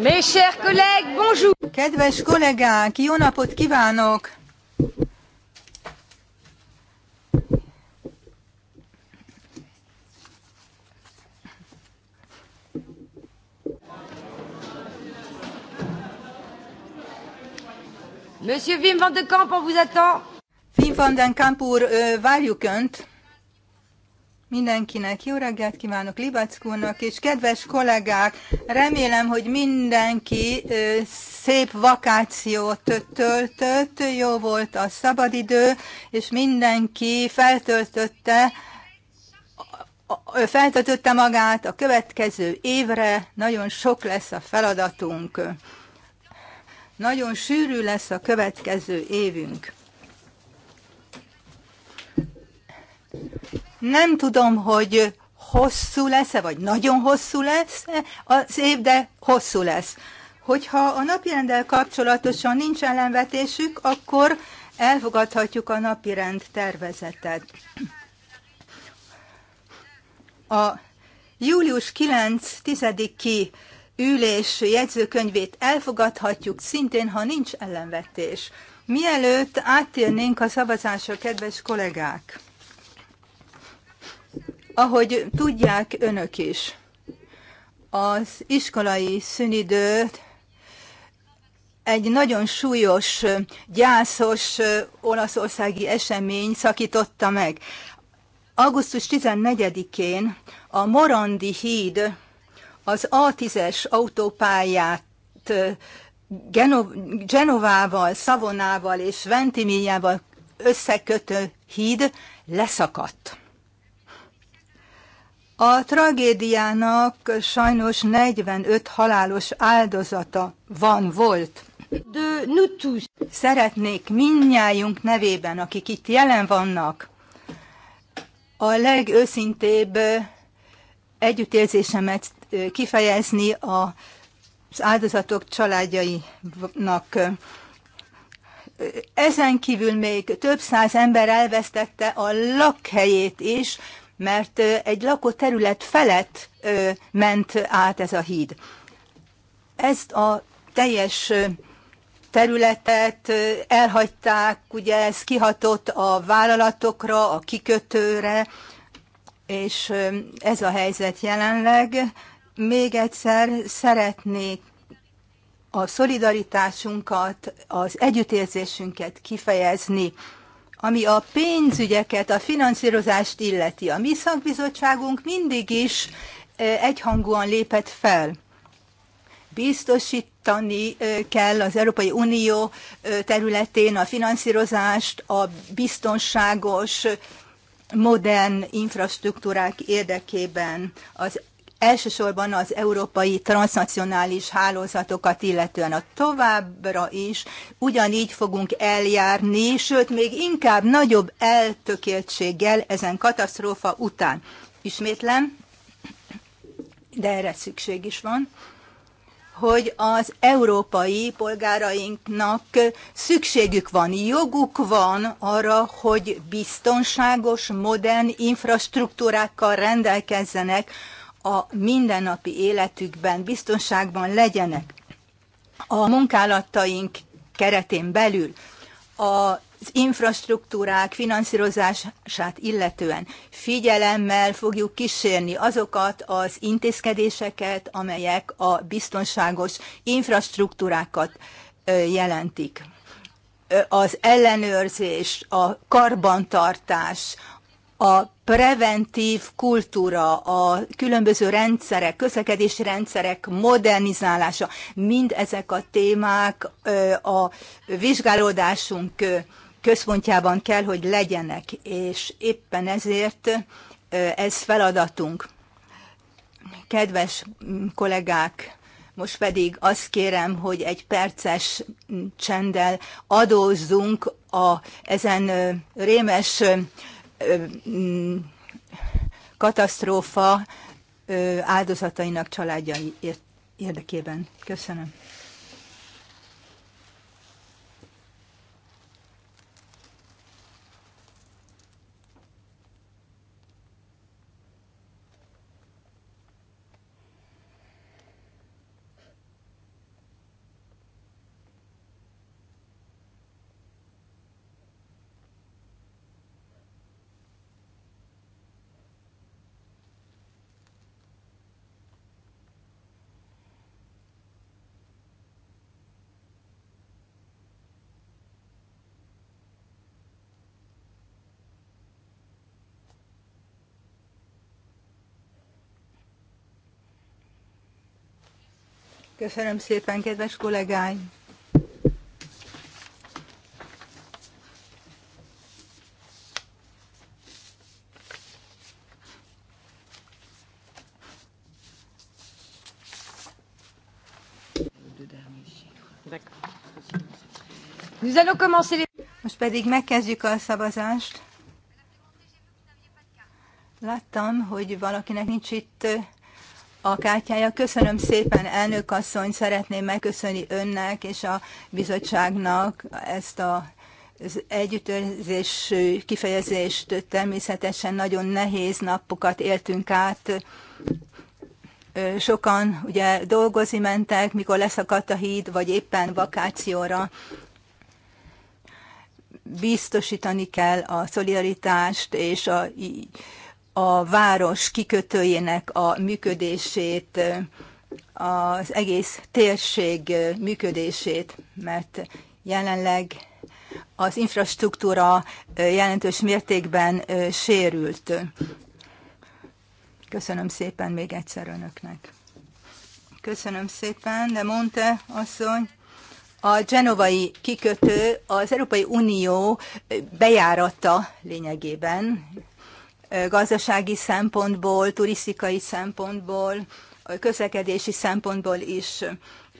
Mes chers collègues, bonjour! Kedves kollégák, jó napot kívánok! Monsieur Wim van de Kamp, on vous attend. Wim van den Kamp úr, várjuk Önt mindenkinek. Jó reggelt kívánok Libackónak, és kedves kollégák, remélem, hogy mindenki szép vakációt töltött, jó volt a szabadidő, és mindenki feltöltötte feltöltötte magát a következő évre, nagyon sok lesz a feladatunk. Nagyon sűrű lesz a következő évünk. Nem tudom, hogy hosszú lesz-e, vagy nagyon hosszú lesz -e az év, de hosszú lesz. Hogyha a napirendel kapcsolatosan nincs ellenvetésük, akkor elfogadhatjuk a napirend tervezetet. A július 9-10-i ülés jegyzőkönyvét elfogadhatjuk szintén, ha nincs ellenvetés. Mielőtt áttérnénk a szavazásra, kedves kollégák! Ahogy tudják önök is, az iskolai szünidőt egy nagyon súlyos, gyászos olaszországi esemény szakította meg. Augusztus 14-én a Morandi híd az A10-es autópályát Geno- Genovával, Szavonával és Ventimigliával összekötő híd leszakadt. A tragédiának sajnos 45 halálos áldozata van, volt. De nutus. Szeretnék minnyájunk nevében, akik itt jelen vannak, a legőszintébb együttérzésemet kifejezni az áldozatok családjainak. Ezen kívül még több száz ember elvesztette a lakhelyét is, mert egy terület felett ment át ez a híd. Ezt a teljes területet elhagyták, ugye ez kihatott a vállalatokra, a kikötőre, és ez a helyzet jelenleg. Még egyszer szeretnék a szolidaritásunkat, az együttérzésünket kifejezni ami a pénzügyeket, a finanszírozást illeti, a mi szakbizottságunk mindig is egyhangúan lépett fel. Biztosítani kell az Európai Unió területén a finanszírozást, a biztonságos modern infrastruktúrák érdekében. Az elsősorban az európai transnacionális hálózatokat illetően a továbbra is ugyanígy fogunk eljárni, sőt még inkább nagyobb eltökéltséggel ezen katasztrófa után. Ismétlem, de erre szükség is van hogy az európai polgárainknak szükségük van, joguk van arra, hogy biztonságos, modern infrastruktúrákkal rendelkezzenek, a mindennapi életükben biztonságban legyenek. A munkálataink keretén belül az infrastruktúrák finanszírozását illetően figyelemmel fogjuk kísérni azokat az intézkedéseket, amelyek a biztonságos infrastruktúrákat jelentik. Az ellenőrzés, a karbantartás, a preventív kultúra, a különböző rendszerek, közlekedési rendszerek modernizálása, mind ezek a témák a vizsgálódásunk központjában kell, hogy legyenek, és éppen ezért ez feladatunk. Kedves kollégák, most pedig azt kérem, hogy egy perces csenddel adózzunk a ezen rémes katasztrófa áldozatainak családjai érdekében. Köszönöm. Köszönöm szépen, kedves kollégáim! Most pedig megkezdjük a szavazást. Láttam, hogy valakinek nincs itt a kártyája. Köszönöm szépen, elnök asszony, szeretném megköszönni önnek és a bizottságnak ezt a az együttörzés kifejezést természetesen nagyon nehéz napokat éltünk át. Sokan ugye dolgozni mentek, mikor leszakadt a híd, vagy éppen vakációra. Biztosítani kell a szolidaritást és a a város kikötőjének a működését, az egész térség működését, mert jelenleg az infrastruktúra jelentős mértékben sérült. Köszönöm szépen még egyszer önöknek. Köszönöm szépen, de Monte asszony. A genovai kikötő az Európai Unió bejárata lényegében, gazdasági szempontból, turisztikai szempontból, közlekedési szempontból is.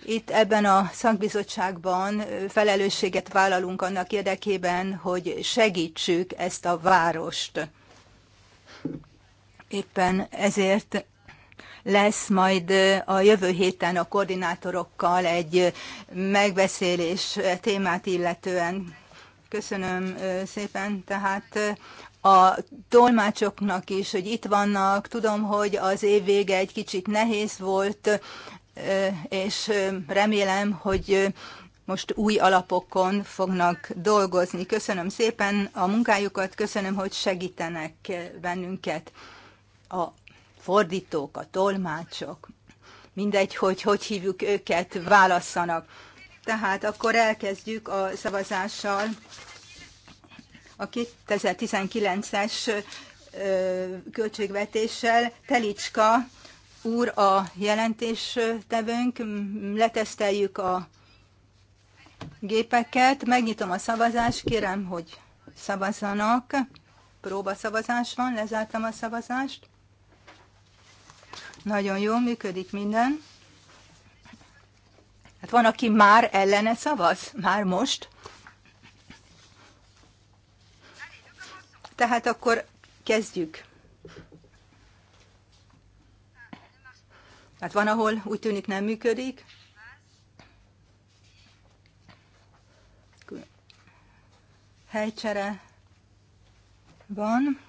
Itt ebben a szakbizottságban felelősséget vállalunk annak érdekében, hogy segítsük ezt a várost. Éppen ezért lesz majd a jövő héten a koordinátorokkal egy megbeszélés témát illetően. Köszönöm szépen. Tehát a tolmácsoknak is, hogy itt vannak. Tudom, hogy az év vége egy kicsit nehéz volt, és remélem, hogy most új alapokon fognak dolgozni. Köszönöm szépen a munkájukat, köszönöm, hogy segítenek bennünket a fordítók, a tolmácsok. Mindegy, hogy hogy hívjuk őket, válasszanak. Tehát akkor elkezdjük a szavazással a 2019-es költségvetéssel. Telicska úr a jelentéstevőnk, leteszteljük a gépeket, megnyitom a szavazást, kérem, hogy szavazzanak. Próbaszavazás van, lezártam a szavazást. Nagyon jó, működik minden. Hát van, aki már ellene szavaz? Már most? Tehát akkor kezdjük. Hát van, ahol úgy tűnik nem működik. Helycsere van.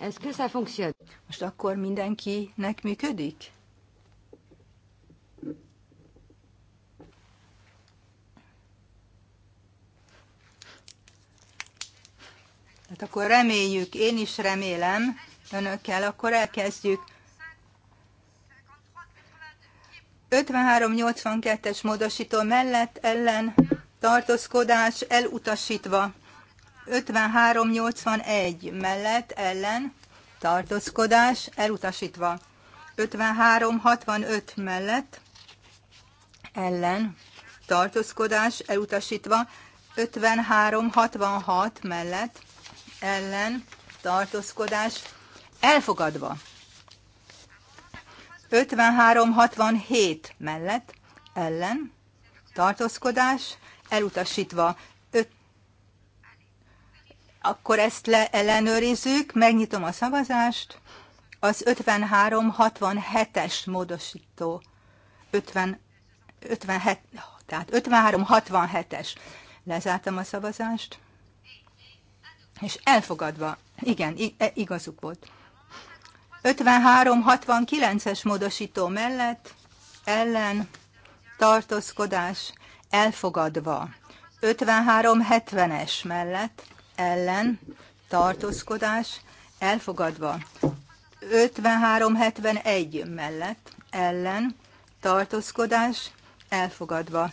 Est-ce que ça fonctionne? Most akkor mindenkinek működik? Hát akkor reméljük, én is remélem önökkel, akkor elkezdjük. 53-82-es módosító mellett ellen tartózkodás elutasítva. 53-81 mellett ellen tartózkodás elutasítva. 53-65 mellett ellen tartózkodás elutasítva. 53-66 mellett ellen tartózkodás elfogadva. 53-67 mellett ellen tartózkodás elutasítva. Öt... Akkor ezt le ellenőrizzük, megnyitom a szavazást. Az 53-67-es módosító 50, 57, tehát 53-67-es. Lezártam a szavazást és elfogadva. Igen, e, igazuk volt. 53-69-es módosító mellett ellen tartózkodás elfogadva. 53-70-es mellett ellen tartózkodás elfogadva. 53-71 mellett ellen tartózkodás elfogadva.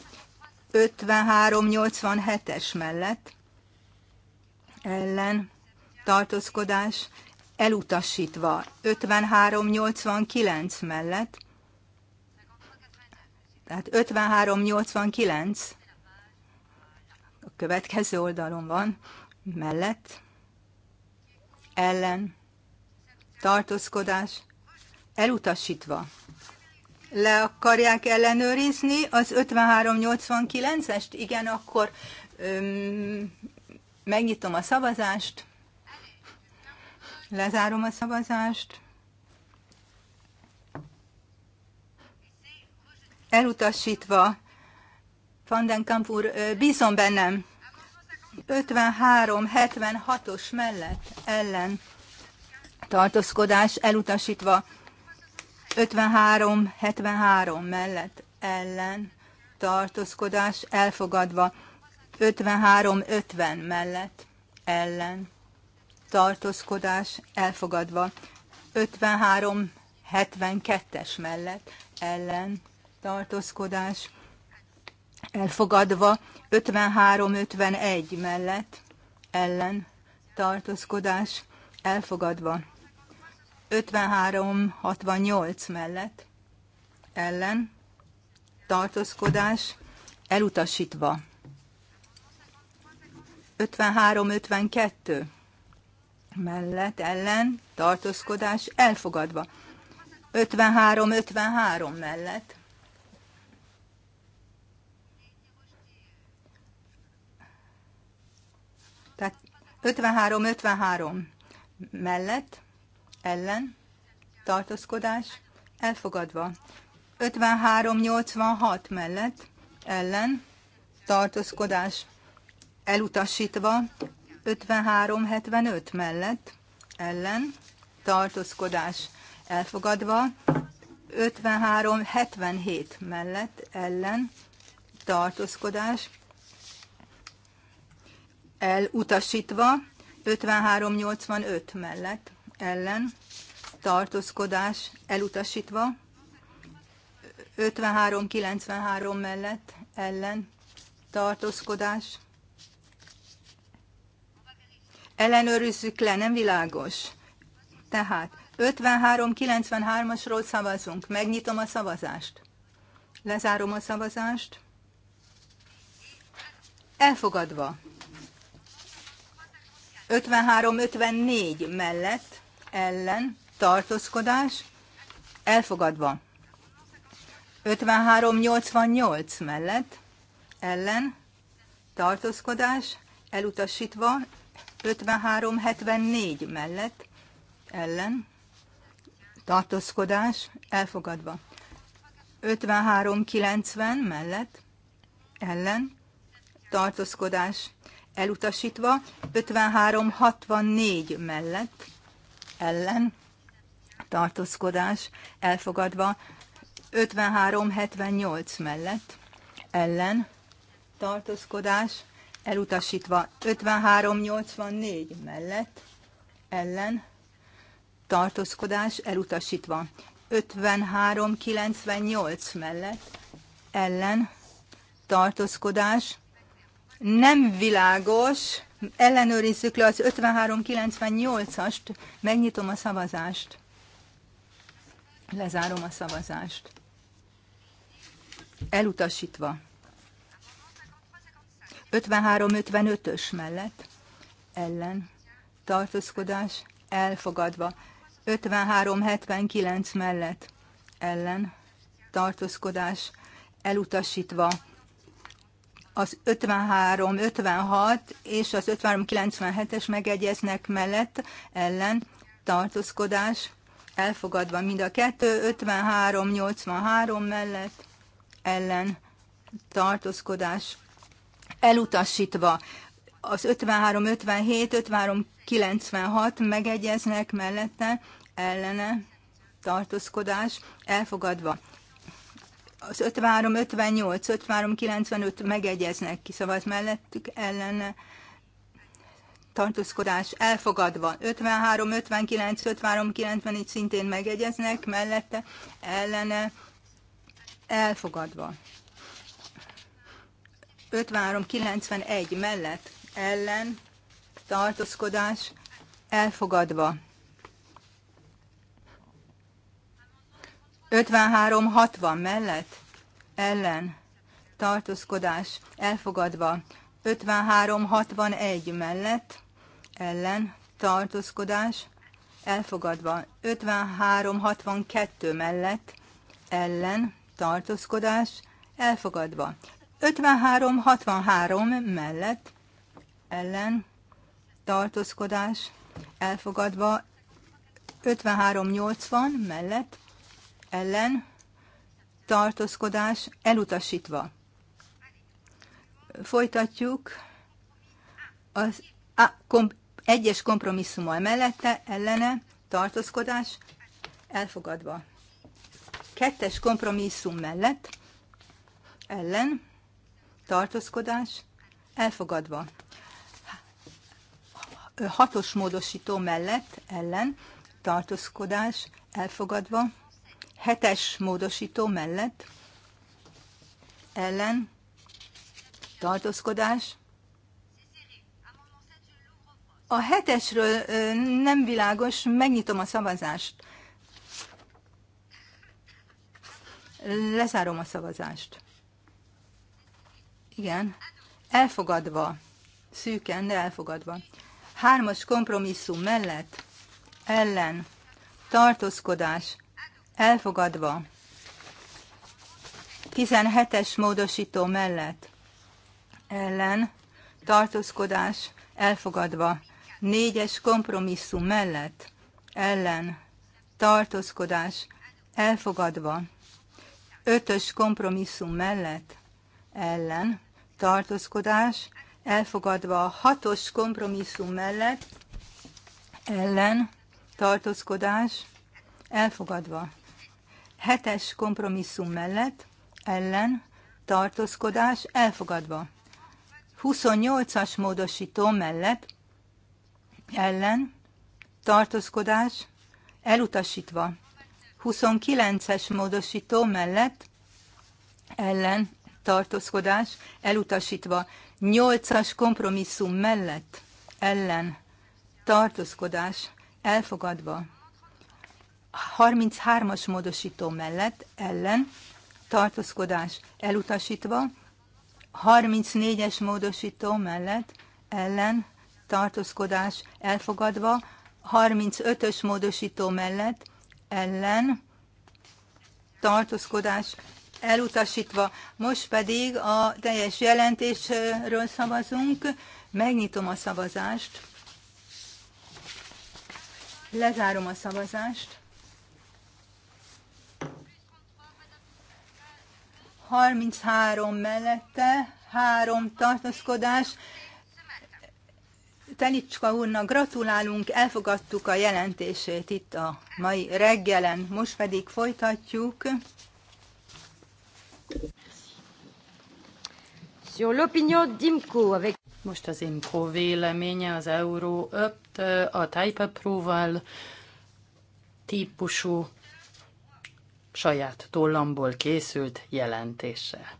53-87-es mellett ellen tartózkodás elutasítva 5389 mellett, tehát 5389 a következő oldalon van, mellett, ellen, tartózkodás, elutasítva. Le akarják ellenőrizni az 5389-est? Igen, akkor öm, Megnyitom a szavazást. Lezárom a szavazást. Elutasítva, Fandenkamp úr, bízom bennem. 53-76-os mellett ellen tartózkodás elutasítva. 53-73 mellett ellen tartózkodás elfogadva. 53-50 mellett ellen tartózkodás elfogadva. 53-72-es mellett ellen tartózkodás elfogadva. 53-51 mellett ellen tartózkodás elfogadva. 53-68 mellett ellen tartózkodás elutasítva. 53-52 mellett ellen tartózkodás elfogadva. 53-53 mellett Tehát 53-53 mellett, ellen, tartózkodás, elfogadva. 53-86 mellett, ellen, tartózkodás, elutasítva 53-75 mellett ellen tartózkodás elfogadva 53-77 mellett ellen tartózkodás elutasítva 53-85 mellett ellen tartózkodás elutasítva 53-93 mellett ellen tartózkodás ellenőrizzük le, nem világos. Tehát 53-93-asról szavazunk. Megnyitom a szavazást. Lezárom a szavazást. Elfogadva. 53-54 mellett ellen tartózkodás. Elfogadva. 53-88 mellett ellen tartózkodás elutasítva, 53-74 mellett ellen tartózkodás elfogadva. 53-90 mellett ellen tartózkodás elutasítva. 53-64 mellett ellen tartózkodás elfogadva. 53-78 mellett ellen tartózkodás elutasítva 53.84 mellett ellen tartózkodás elutasítva 53.98 mellett ellen tartózkodás nem világos, ellenőrizzük le az 5398 ast megnyitom a szavazást, lezárom a szavazást, elutasítva. 53-55-ös mellett ellen tartózkodás elfogadva. 53-79 mellett ellen tartózkodás elutasítva. Az 53-56 és az 53-97-es megegyeznek mellett ellen tartózkodás elfogadva mind a kettő, 53-83 mellett ellen tartózkodás elutasítva. Az 53, 57, 53, 96 megegyeznek mellette, ellene tartózkodás elfogadva. Az 53, 58, 53, 95 megegyeznek, kiszavaz mellettük, ellene tartózkodás elfogadva. 53, 59, 53, 94 szintén megegyeznek, mellette ellene elfogadva. 5391 mellett ellen tartózkodás elfogadva. 5360 mellett ellen tartózkodás elfogadva. 5361 mellett ellen tartózkodás elfogadva. 5362 mellett ellen tartózkodás elfogadva. 53-63 mellett ellen tartózkodás elfogadva 53-80 mellett ellen tartózkodás elutasítva. Folytatjuk az a, kom, egyes kompromisszummal mellette ellene tartózkodás elfogadva. Kettes kompromisszum mellett ellen tartózkodás elfogadva. Hatos módosító mellett ellen tartózkodás elfogadva. Hetes módosító mellett ellen tartózkodás. A hetesről nem világos, megnyitom a szavazást. Lezárom a szavazást. Igen, elfogadva, szűken, de elfogadva. Hármas kompromisszum mellett, ellen, tartózkodás, elfogadva. 17-es módosító mellett, ellen, tartózkodás, elfogadva. Négyes kompromisszum mellett, ellen, tartózkodás, elfogadva. Ötös kompromisszum mellett, ellen, tartózkodás elfogadva a hatos kompromisszum mellett, ellen tartózkodás elfogadva. Hetes kompromisszum mellett, ellen tartózkodás elfogadva. 28-as módosító mellett, ellen tartózkodás elutasítva. 29-es módosító mellett, ellen tartózkodás elutasítva. Nyolcas kompromisszum mellett ellen tartózkodás elfogadva. 33-as módosító mellett ellen tartózkodás elutasítva. 34-es módosító mellett ellen tartózkodás elfogadva. 35-ös módosító mellett ellen tartózkodás elutasítva. Most pedig a teljes jelentésről szavazunk. Megnyitom a szavazást. Lezárom a szavazást. 33 mellette, 3 tartózkodás. Telicska úrnak gratulálunk, elfogadtuk a jelentését itt a mai reggelen. Most pedig folytatjuk. sur l'opinion d'IMCO avec... Most az IMCO véleménye az Euro 5 a Type Approval típusú saját tollamból készült jelentése.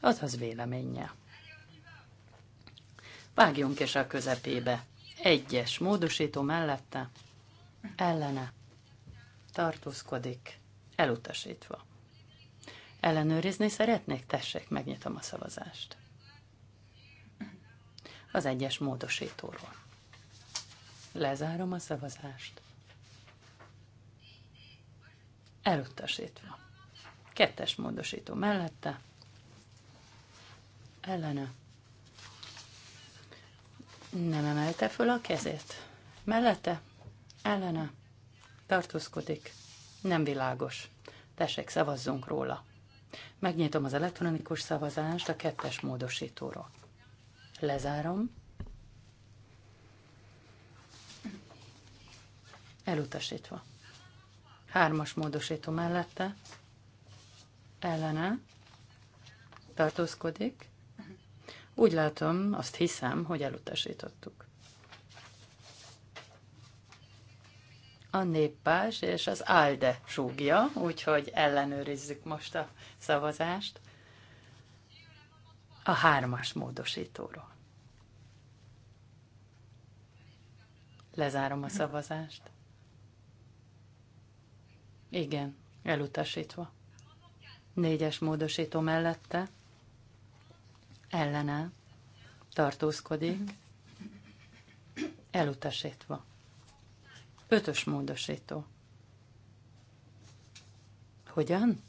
az véleménye. Vágjunk is a közepébe. Egyes módosító mellette, ellene tartózkodik, elutasítva. Ellenőrizni szeretnék? Tessék, megnyitom a szavazást. Az egyes módosítóról. Lezárom a szavazást. Elutasítva. Kettes módosító mellette. Ellene. Nem emelte föl a kezét. Mellette. Ellene. Tartózkodik. Nem világos. Tessék, szavazzunk róla. Megnyitom az elektronikus szavazást a kettes módosítóról. Lezárom. Elutasítva. Hármas módosító mellette. Ellene. Tartózkodik. Úgy látom, azt hiszem, hogy elutasítottuk. a néppás és az ALDE súgja, úgyhogy ellenőrizzük most a szavazást a hármas módosítóról. Lezárom a szavazást. Igen, elutasítva. Négyes módosító mellette. Ellene. Tartózkodik. Elutasítva. Ötös módosító. Hogyan?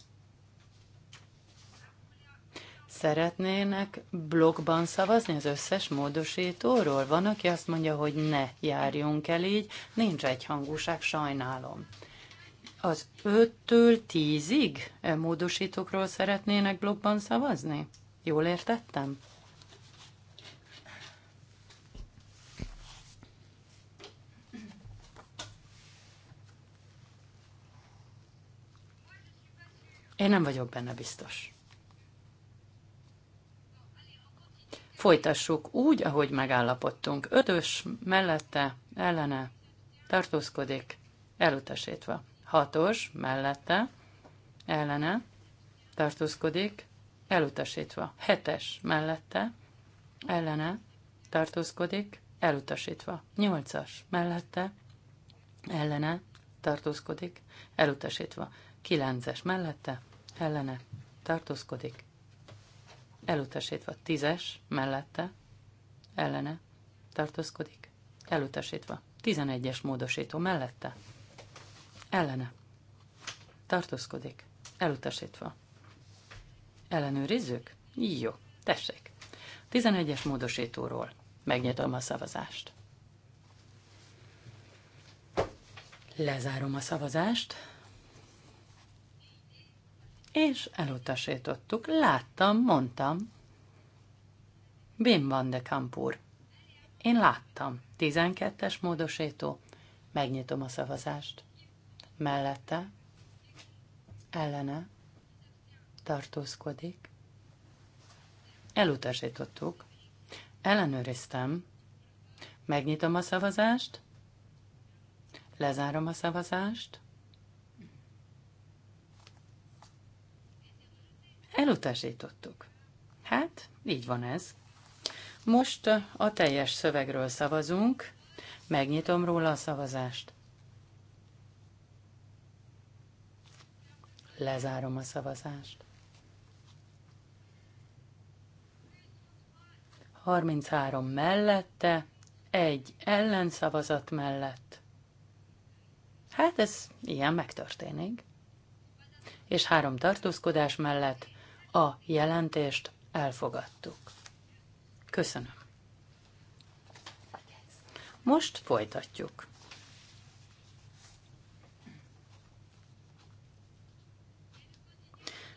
Szeretnének blogban szavazni az összes módosítóról? Van, aki azt mondja, hogy ne járjunk el így, nincs egyhangúság, sajnálom. Az öttől től módosítókról szeretnének blogban szavazni? Jól értettem? Én nem vagyok benne biztos. Folytassuk úgy, ahogy megállapodtunk. Ötös mellette, ellene, tartózkodik, elutasítva. Hatos mellette, ellene, tartózkodik, elutasítva. Hetes mellette, ellene, tartózkodik, elutasítva. Nyolcas mellette, ellene, tartózkodik, elutasítva. 9-es mellette, ellene, tartózkodik, elutasítva. 10-es mellette, ellene, tartózkodik, elutasítva. 11-es módosító mellette, ellene, tartózkodik, elutasítva. Ellenőrizzük? Jó, tessék. 11-es módosítóról megnyitom a szavazást. Lezárom a szavazást és elutasítottuk. Láttam, mondtam. Bim van de Kampur. Én láttam. 12-es módosító. Megnyitom a szavazást. Mellette. Ellene. Tartózkodik. Elutasítottuk. Ellenőriztem. Megnyitom a szavazást. Lezárom a szavazást. Elutasítottuk. Hát, így van ez. Most a teljes szövegről szavazunk. Megnyitom róla a szavazást. Lezárom a szavazást. 33 mellette, egy ellenszavazat mellett. Hát ez ilyen megtörténik. És három tartózkodás mellett a jelentést elfogadtuk. Köszönöm. Most folytatjuk.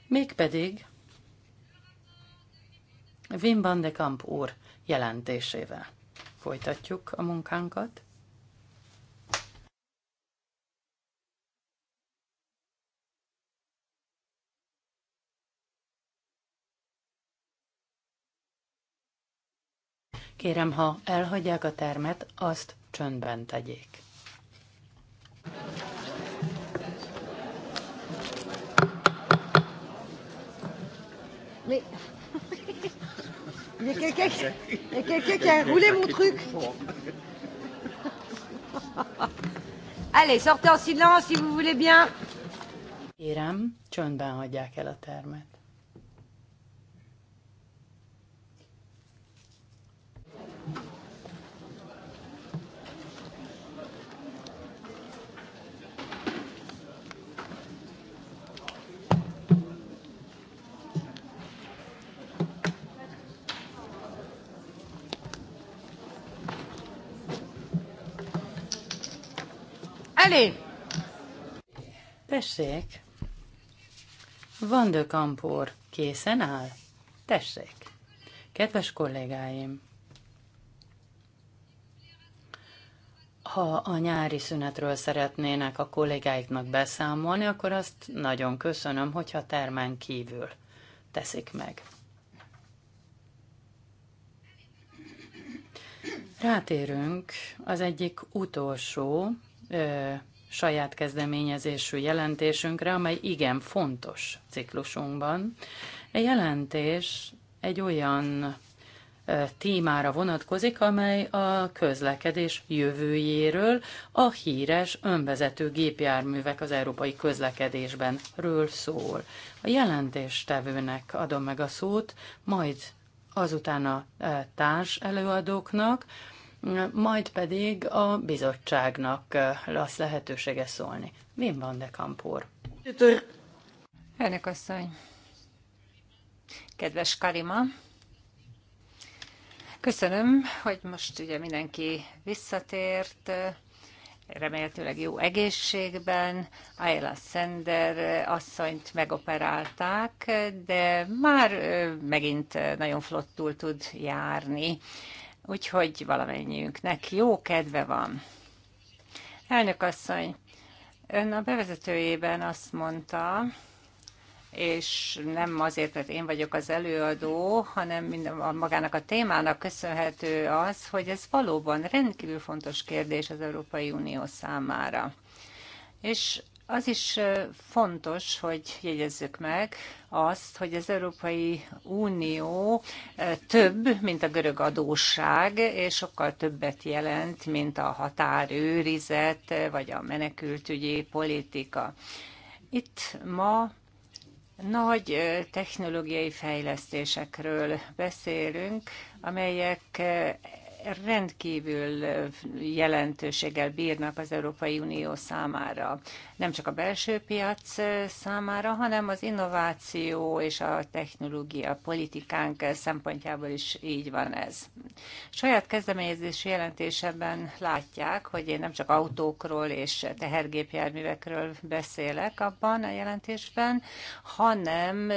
Mégpedig Wim van de Kamp úr jelentésével folytatjuk a munkánkat. Kérem, ha elhagyják a termet, azt csöndben tegyék. Mi? Il y a quelqu'un qui... Il y a quelqu'un qui a roulé mon truc. Allez, sortez en silence si vous voulez bien. Kérem, csöndben hagyják el a termet. Allez! Tessék! Van de Kampor készen áll? Tessék! Kedves kollégáim! Ha a nyári szünetről szeretnének a kollégáiknak beszámolni, akkor azt nagyon köszönöm, hogyha termen kívül teszik meg. Rátérünk az egyik utolsó ö, saját kezdeményezésű jelentésünkre, amely igen fontos ciklusunkban. A jelentés egy olyan témára vonatkozik, amely a közlekedés jövőjéről, a híres önvezető gépjárművek az európai közlekedésben ről szól. A jelentéstevőnek adom meg a szót, majd azután a társ előadóknak, majd pedig a bizottságnak lesz lehetősége szólni. Mi van de Kampor. Elnök asszony, kedves Karima, köszönöm, hogy most ugye mindenki visszatért, remélhetőleg jó egészségben. Ayla Sender asszonyt megoperálták, de már megint nagyon flottul tud járni úgyhogy valamennyiünknek jó kedve van. Elnök asszony, ön a bevezetőjében azt mondta, és nem azért, mert én vagyok az előadó, hanem a magának a témának köszönhető az, hogy ez valóban rendkívül fontos kérdés az Európai Unió számára. És az is fontos, hogy jegyezzük meg azt, hogy az Európai Unió több, mint a görög adósság, és sokkal többet jelent, mint a határőrizet, vagy a menekültügyi politika. Itt ma nagy technológiai fejlesztésekről beszélünk, amelyek rendkívül jelentőséggel bírnak az Európai Unió számára. Nem csak a belső piac számára, hanem az innováció és a technológia politikánk szempontjából is így van ez. Saját kezdeményezés jelentésében látják, hogy én nem csak autókról és tehergépjárművekről beszélek abban a jelentésben, hanem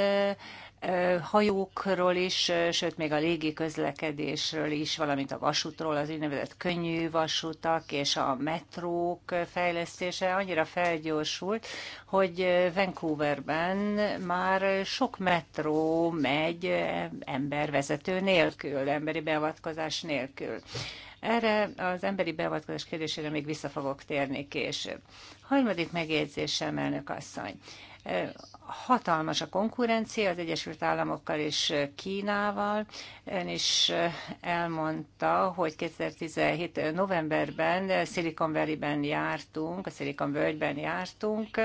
hajókról is, sőt még a légi közlekedésről is, valamint a vasútról, az úgynevezett könnyű vasutak és a metrók fejlesztése annyira felgyorsult, hogy Vancouverben már sok metró megy embervezető nélkül, emberi beavatkozás nélkül. Erre az emberi beavatkozás kérdésére még vissza fogok térni később. Harmadik megjegyzésem, elnök asszony. Hatalmas a konkurencia az Egyesült Államokkal és Kínával. Ön is elmondta, hogy 2017. novemberben Silicon Valley-ben jártunk, a Silicon völgyben jártunk,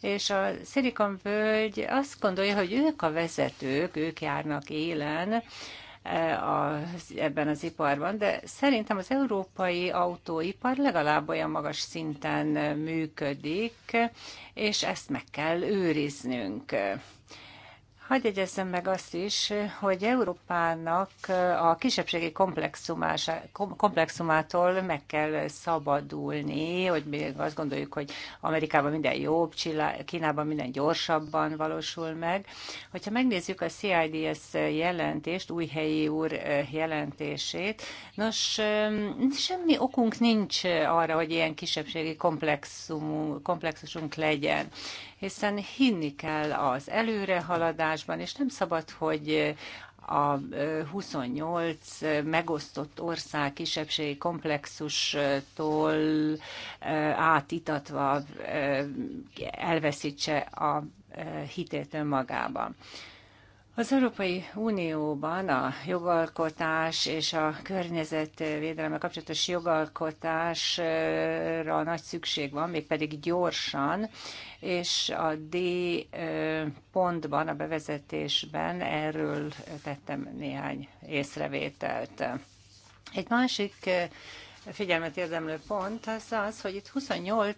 és a Silicon völgy azt gondolja, hogy ők a vezetők, ők járnak élen, Eh, az, ebben az iparban, de szerintem az európai autóipar legalább olyan magas szinten eh, működik, és ezt meg kell őriznünk. Hagyj egyezzem meg azt is, hogy Európának a kisebbségi komplexumától meg kell szabadulni, hogy mi azt gondoljuk, hogy Amerikában minden jobb, Kínában minden gyorsabban valósul meg. Hogyha megnézzük a CIDS jelentést, új helyi úr jelentését, nos, semmi okunk nincs arra, hogy ilyen kisebbségi komplexusunk legyen hiszen hinni kell az előrehaladásban, és nem szabad, hogy a 28 megosztott ország kisebbségi komplexustól átitatva elveszítse a hitét önmagában. Az Európai Unióban a jogalkotás és a környezetvédelme kapcsolatos jogalkotásra nagy szükség van, mégpedig gyorsan, és a D pontban, a bevezetésben erről tettem néhány észrevételt. Egy másik figyelmet érdemlő pont az az, hogy itt 28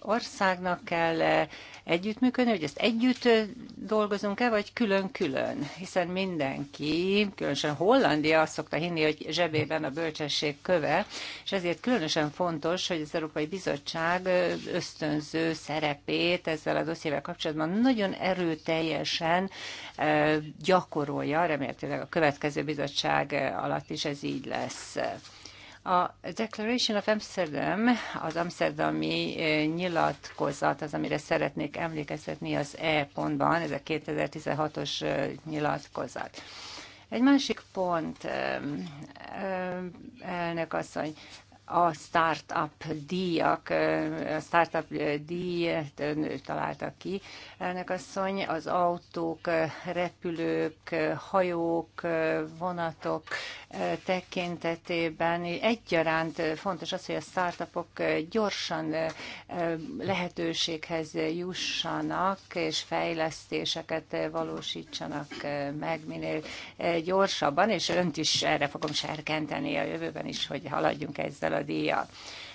országnak kell együttműködni, hogy ezt együtt dolgozunk-e, vagy külön-külön, hiszen mindenki, különösen Hollandia azt szokta hinni, hogy zsebében a bölcsesség köve, és ezért különösen fontos, hogy az Európai Bizottság ösztönző szerepét ezzel a dossziével kapcsolatban nagyon erőteljesen gyakorolja, remélhetőleg a következő bizottság alatt is ez így lesz. A Declaration of Amsterdam, az amsterdami eh, nyilatkozat, az, amire szeretnék emlékeztetni az E pontban, ez a 2016-os eh, nyilatkozat. Egy másik pont, eh, elnök asszony, a startup díjak, a startup díj találtak ki. Elnök asszony, az autók, repülők, hajók, vonatok, tekintetében egyaránt fontos az, hogy a startupok gyorsan lehetőséghez jussanak, és fejlesztéseket valósítsanak meg minél gyorsabban, és önt is erre fogom serkenteni a jövőben is, hogy haladjunk ezzel a díjjal.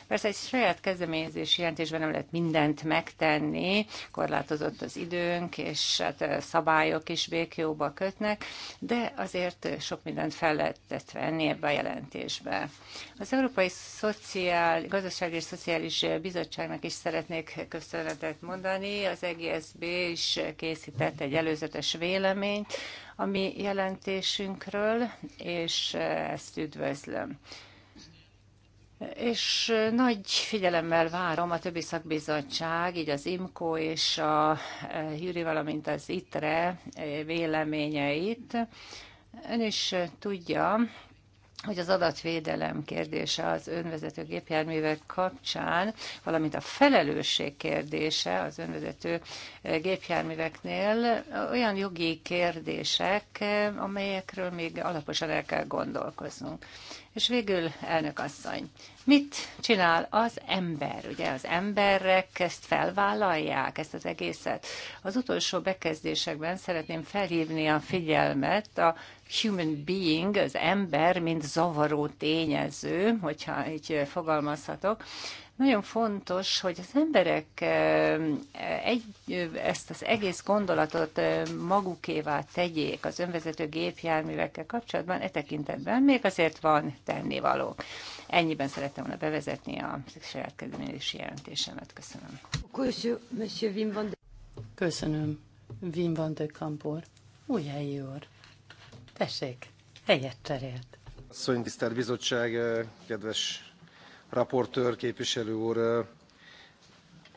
Persze egy saját kezdeményezési jelentésben nem lehet mindent megtenni, korlátozott az időnk, és hát szabályok is békjóba kötnek, de azért sok mindent fel lehetett venni ebbe a jelentésbe. Az Európai Szociál, Gazdasági és Szociális Bizottságnak is szeretnék köszönetet mondani. Az EGSB is készített egy előzetes véleményt a mi jelentésünkről, és ezt üdvözlöm és nagy figyelemmel várom a többi szakbizottság, így az IMCO és a Júri, valamint az ITRE véleményeit. Ön is tudja, hogy az adatvédelem kérdése az önvezető gépjárművek kapcsán, valamint a felelősség kérdése az önvezető eh, gépjárműveknél eh, olyan jogi kérdések, eh, amelyekről még alaposan el kell gondolkoznunk. És végül, elnök asszony, mit csinál az ember? Ugye az emberek ezt felvállalják, ezt az egészet. Az utolsó bekezdésekben szeretném felhívni a figyelmet a human being, az ember, mint zavaró tényező, hogyha így fogalmazhatok, nagyon fontos, hogy az emberek egy, ezt az egész gondolatot magukévá tegyék az önvezető gépjárművekkel kapcsolatban, e tekintetben még azért van tennivaló. Ennyiben szerettem volna bevezetni a saját kezdeményezési jelentésemet. Köszönöm. Köszönöm, Wim van de Kampor, új helyi úr. Tessék, helyet cserélt. Asszony, tisztelt bizottság, eh, kedves raportőr, képviselő úr, eh,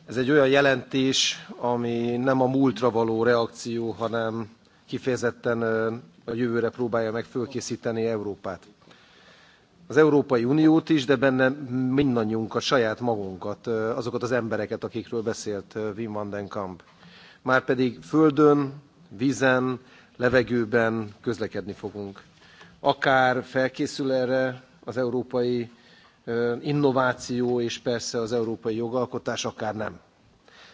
ez egy olyan jelentés, ami nem a múltra való reakció, hanem kifejezetten eh, a jövőre próbálja meg fölkészíteni Európát. Az Európai Uniót is, de benne mindannyiunkat, saját magunkat, azokat az embereket, akikről beszélt Wim van den Kamp. Márpedig földön, vízen, levegőben közlekedni fogunk. Akár felkészül erre az európai innováció és persze az európai jogalkotás, akár nem.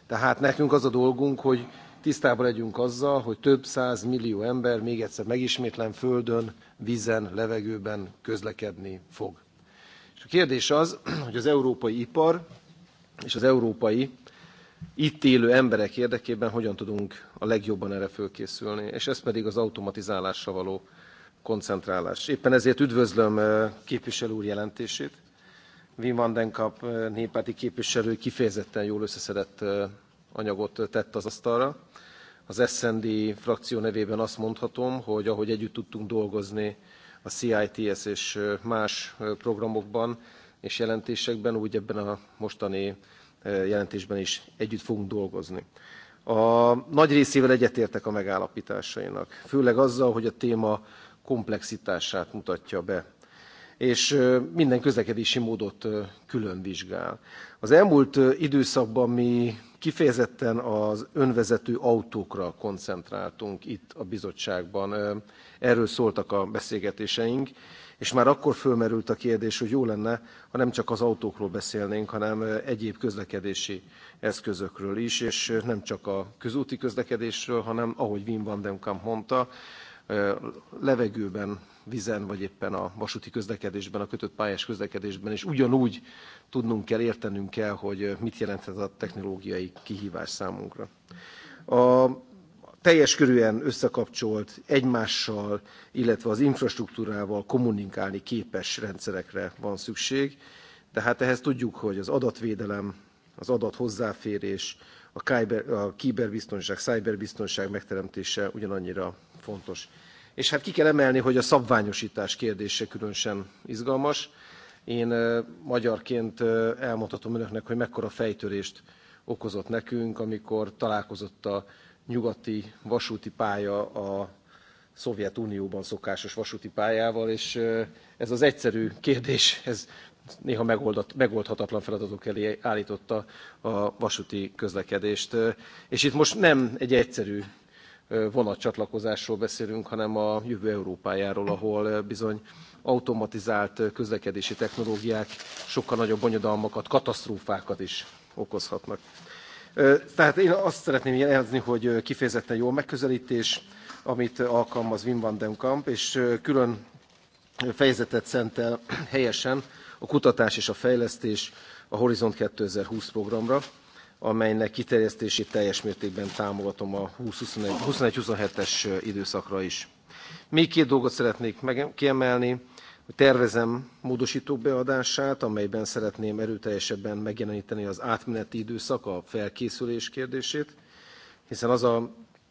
Tehát nekünk az a dolgunk, hogy tisztában legyünk azzal, hogy több száz millió ember, még egyszer megismétlen, földön, vízen, levegőben közlekedni fog. És a kérdés az, hogy az európai ipar és az európai itt élő emberek érdekében hogyan tudunk a legjobban erre fölkészülni, és ez pedig az automatizálásra való koncentrálás. Éppen ezért üdvözlöm képviselő úr jelentését. Wim van den Kap néppárti képviselő kifejezetten jól összeszedett anyagot tett az asztalra. Az SND frakció nevében azt mondhatom, hogy ahogy együtt tudtunk dolgozni a CITS és más programokban és jelentésekben, úgy ebben a mostani jelentésben is együtt fogunk dolgozni. A nagy részével egyetértek a megállapításainak, főleg azzal, hogy a téma komplexitását mutatja be, és minden közlekedési módot külön vizsgál. Az elmúlt időszakban mi kifejezetten az önvezető autókra koncentráltunk itt a bizottságban. Erről szóltak a beszélgetéseink, és már akkor fölmerült a kérdés, hogy jó lenne, ha nem csak az autókról beszélnénk, hanem egyéb közlekedési eszközökről is, és nem csak a közúti közlekedésről, hanem ahogy Wim van den Kamp mondta, levegőben, vizen, vagy éppen a vasúti közlekedésben, a kötött pályás közlekedésben, és ugyanúgy tudnunk kell, értenünk kell, hogy mit jelent ez a technológiai kihívás számunkra. A teljes körűen összekapcsolt, egymással, illetve az infrastruktúrával kommunikálni képes rendszerekre van szükség. De hát ehhez tudjuk, hogy az adatvédelem, az adathozzáférés, a, kiber, a kiberbiztonság, cyberbiztonság megteremtése ugyanannyira fontos. És hát ki kell emelni, hogy a szabványosítás kérdése különösen izgalmas. Én magyarként elmondhatom önöknek, hogy mekkora fejtörést okozott nekünk, amikor találkozott a nyugati vasúti pálya a Szovjetunióban szokásos vasúti pályával, és ez az egyszerű kérdés, ez néha megoldat, megoldhatatlan feladatok elé állította a vasúti közlekedést. És itt most nem egy egyszerű vonatcsatlakozásról beszélünk, hanem a jövő Európájáról, ahol bizony automatizált közlekedési technológiák sokkal nagyobb bonyodalmakat, katasztrófákat is okozhatnak. Tehát én azt szeretném jelezni, hogy kifejezetten jó megközelítés, amit alkalmaz Wim van den Kamp, és külön fejezetet szentel helyesen a kutatás és a fejlesztés a Horizont 2020 programra, amelynek kiterjesztését teljes mértékben támogatom a 2021-27-es időszakra is. Még két dolgot szeretnék kiemelni hogy tervezem módosító beadását, amelyben szeretném erőteljesebben megjeleníteni az átmeneti időszak, a felkészülés kérdését, hiszen az a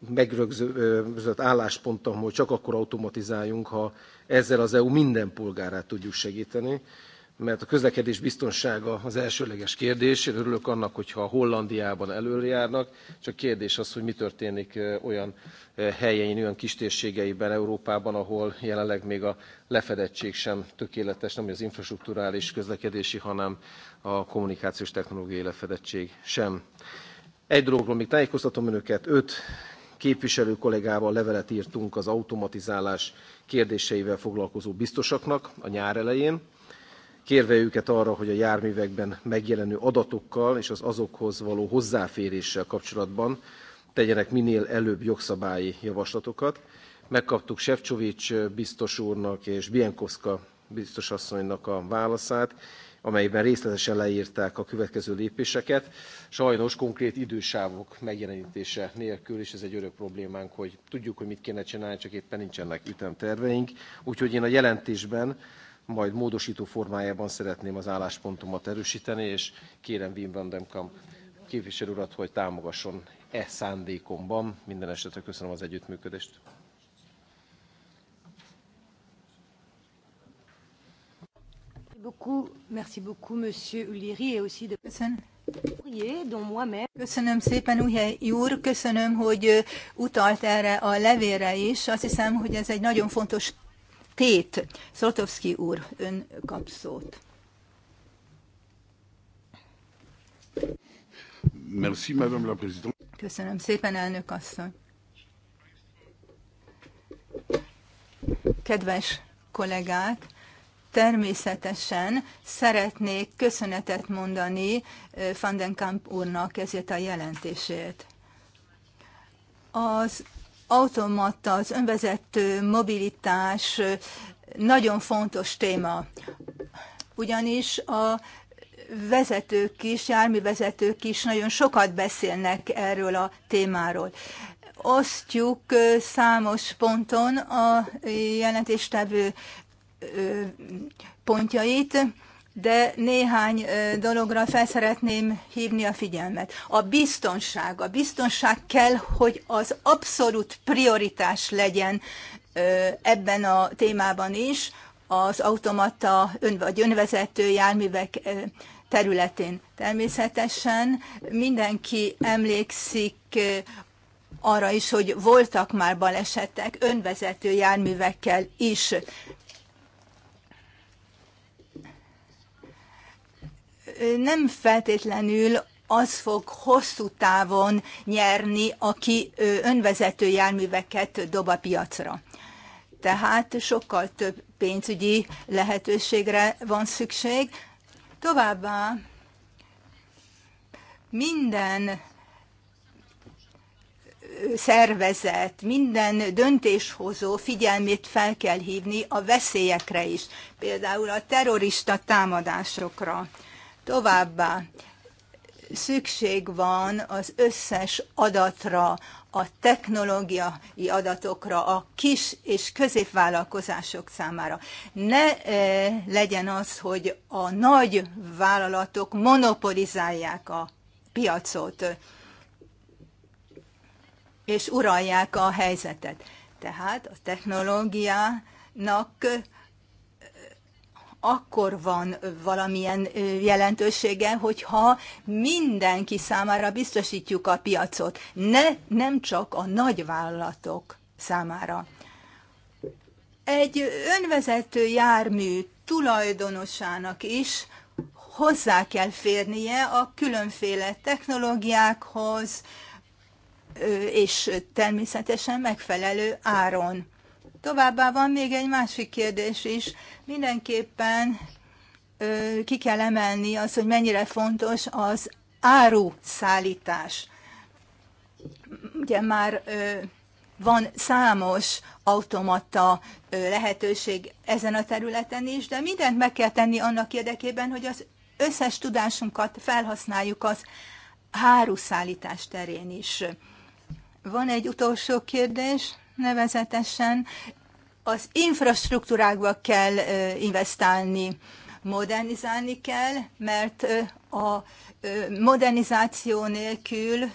megrögzött álláspontom, hogy csak akkor automatizáljunk, ha ezzel az EU minden polgárát tudjuk segíteni, mert a közlekedés biztonsága az elsőleges kérdés. Én örülök annak, hogyha Hollandiában előjárnak, csak kérdés az, hogy mi történik olyan helyein, olyan kistérségeiben Európában, ahol jelenleg még a lefedettség sem tökéletes, nem az infrastruktúrális közlekedési, hanem a kommunikációs technológiai lefedettség sem. Egy dologról még tájékoztatom önöket, öt képviselő kollégával levelet írtunk az automatizálás kérdéseivel foglalkozó biztosaknak a nyár elején kérve őket arra, hogy a járművekben megjelenő adatokkal és az azokhoz való hozzáféréssel kapcsolatban tegyenek minél előbb jogszabályi javaslatokat. Megkaptuk Sefcsovics biztos úrnak és Bienkowska biztos asszonynak a válaszát, amelyben részletesen leírták a következő lépéseket. Sajnos konkrét idősávok megjelenítése nélkül, és ez egy örök problémánk, hogy tudjuk, hogy mit kéne csinálni, csak éppen nincsenek ütemterveink. Úgyhogy én a jelentésben majd módosító formájában szeretném az álláspontomat erősíteni, és kérem Wim van den képviselő urat, hogy támogasson e szándékomban. Minden esetre köszönöm az együttműködést. Köszönöm szépen, Ulyai úr, köszönöm, hogy utalt erre a levélre is. Azt hiszem, hogy ez egy nagyon fontos tét. Szotowski úr, ön kap szót. Merci, Madame la Présidente. Köszönöm szépen, elnök asszony. Kedves kollégák, természetesen szeretnék köszönetet mondani Fandenkamp úrnak ezért a jelentését. Az automata, az önvezető mobilitás nagyon fontos téma, ugyanis a vezetők is, járművezetők is nagyon sokat beszélnek erről a témáról. Osztjuk számos ponton a jelentéstevő pontjait, de néhány dologra fel szeretném hívni a figyelmet. A biztonság. A biztonság kell, hogy az abszolút prioritás legyen ebben a témában is, az automata ön, vagy önvezető járművek területén. Természetesen mindenki emlékszik arra is, hogy voltak már balesetek önvezető járművekkel is. nem feltétlenül az fog hosszú távon nyerni, aki önvezető járműveket dob a piacra. Tehát sokkal több pénzügyi lehetőségre van szükség. Továbbá minden szervezet, minden döntéshozó figyelmét fel kell hívni a veszélyekre is, például a terrorista támadásokra. Továbbá szükség van az összes adatra, a technológiai adatokra, a kis és középvállalkozások számára. Ne e, legyen az, hogy a nagy vállalatok monopolizálják a piacot, és uralják a helyzetet. Tehát a technológiának akkor van valamilyen jelentősége, hogyha mindenki számára biztosítjuk a piacot, ne, nem csak a nagyvállalatok számára. Egy önvezető jármű tulajdonosának is hozzá kell férnie a különféle technológiákhoz, és természetesen megfelelő áron. Továbbá van még egy másik kérdés is. Mindenképpen ö, ki kell emelni az, hogy mennyire fontos az áruszállítás. Ugye már ö, van számos automata ö, lehetőség ezen a területen is, de mindent meg kell tenni annak érdekében, hogy az összes tudásunkat felhasználjuk az áruszállítás terén is. Van egy utolsó kérdés nevezetesen az infrastruktúrákba kell investálni, modernizálni kell, mert a modernizáció nélkül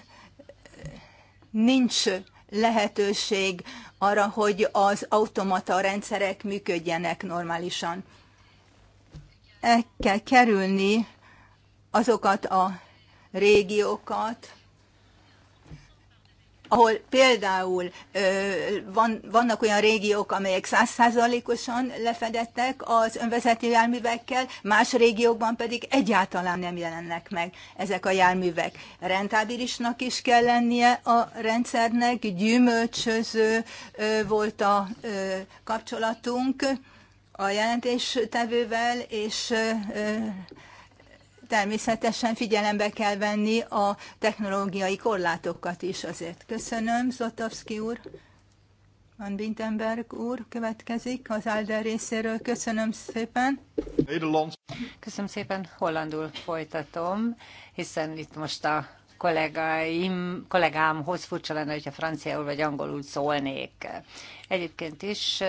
nincs lehetőség arra, hogy az automata rendszerek működjenek normálisan. El kell kerülni azokat a régiókat, ahol például van, vannak olyan régiók, amelyek százszázalékosan lefedettek az önvezető járművekkel, más régiókban pedig egyáltalán nem jelennek meg ezek a járművek. Rentábilisnak is kell lennie a rendszernek, gyümölcsöző volt a kapcsolatunk a jelentéstevővel, és természetesen figyelembe kell venni a technológiai korlátokat is azért. Köszönöm, Zotowski úr. Van Bintenberg úr következik az Alder részéről. Köszönöm szépen. Köszönöm szépen, hollandul folytatom, hiszen itt most a kollégáim, kollégámhoz furcsa lenne, hogyha franciául vagy angolul szólnék. Egyébként is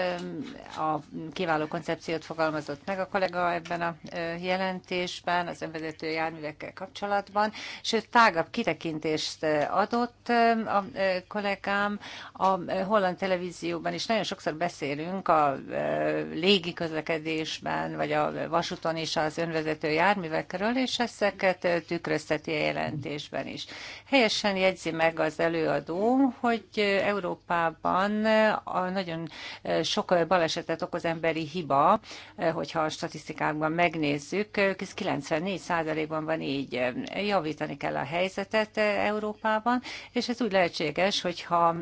a kiváló koncepciót fogalmazott meg a kollega ebben a jelentésben, az önvezető járművekkel kapcsolatban, sőt tágabb kitekintést adott a kollégám. A holland televízióban is nagyon sokszor beszélünk a légi közlekedésben, vagy a vasúton is az önvezető járművekről, és ezeket tükrözteti a jelentésben is. Helyesen jegyzi meg az előadó, hogy Európában a nagyon sok balesetet okoz emberi hiba, hogyha a statisztikákban megnézzük, 94%-ban van így. Javítani kell a helyzetet Európában, és ez úgy lehetséges, hogyha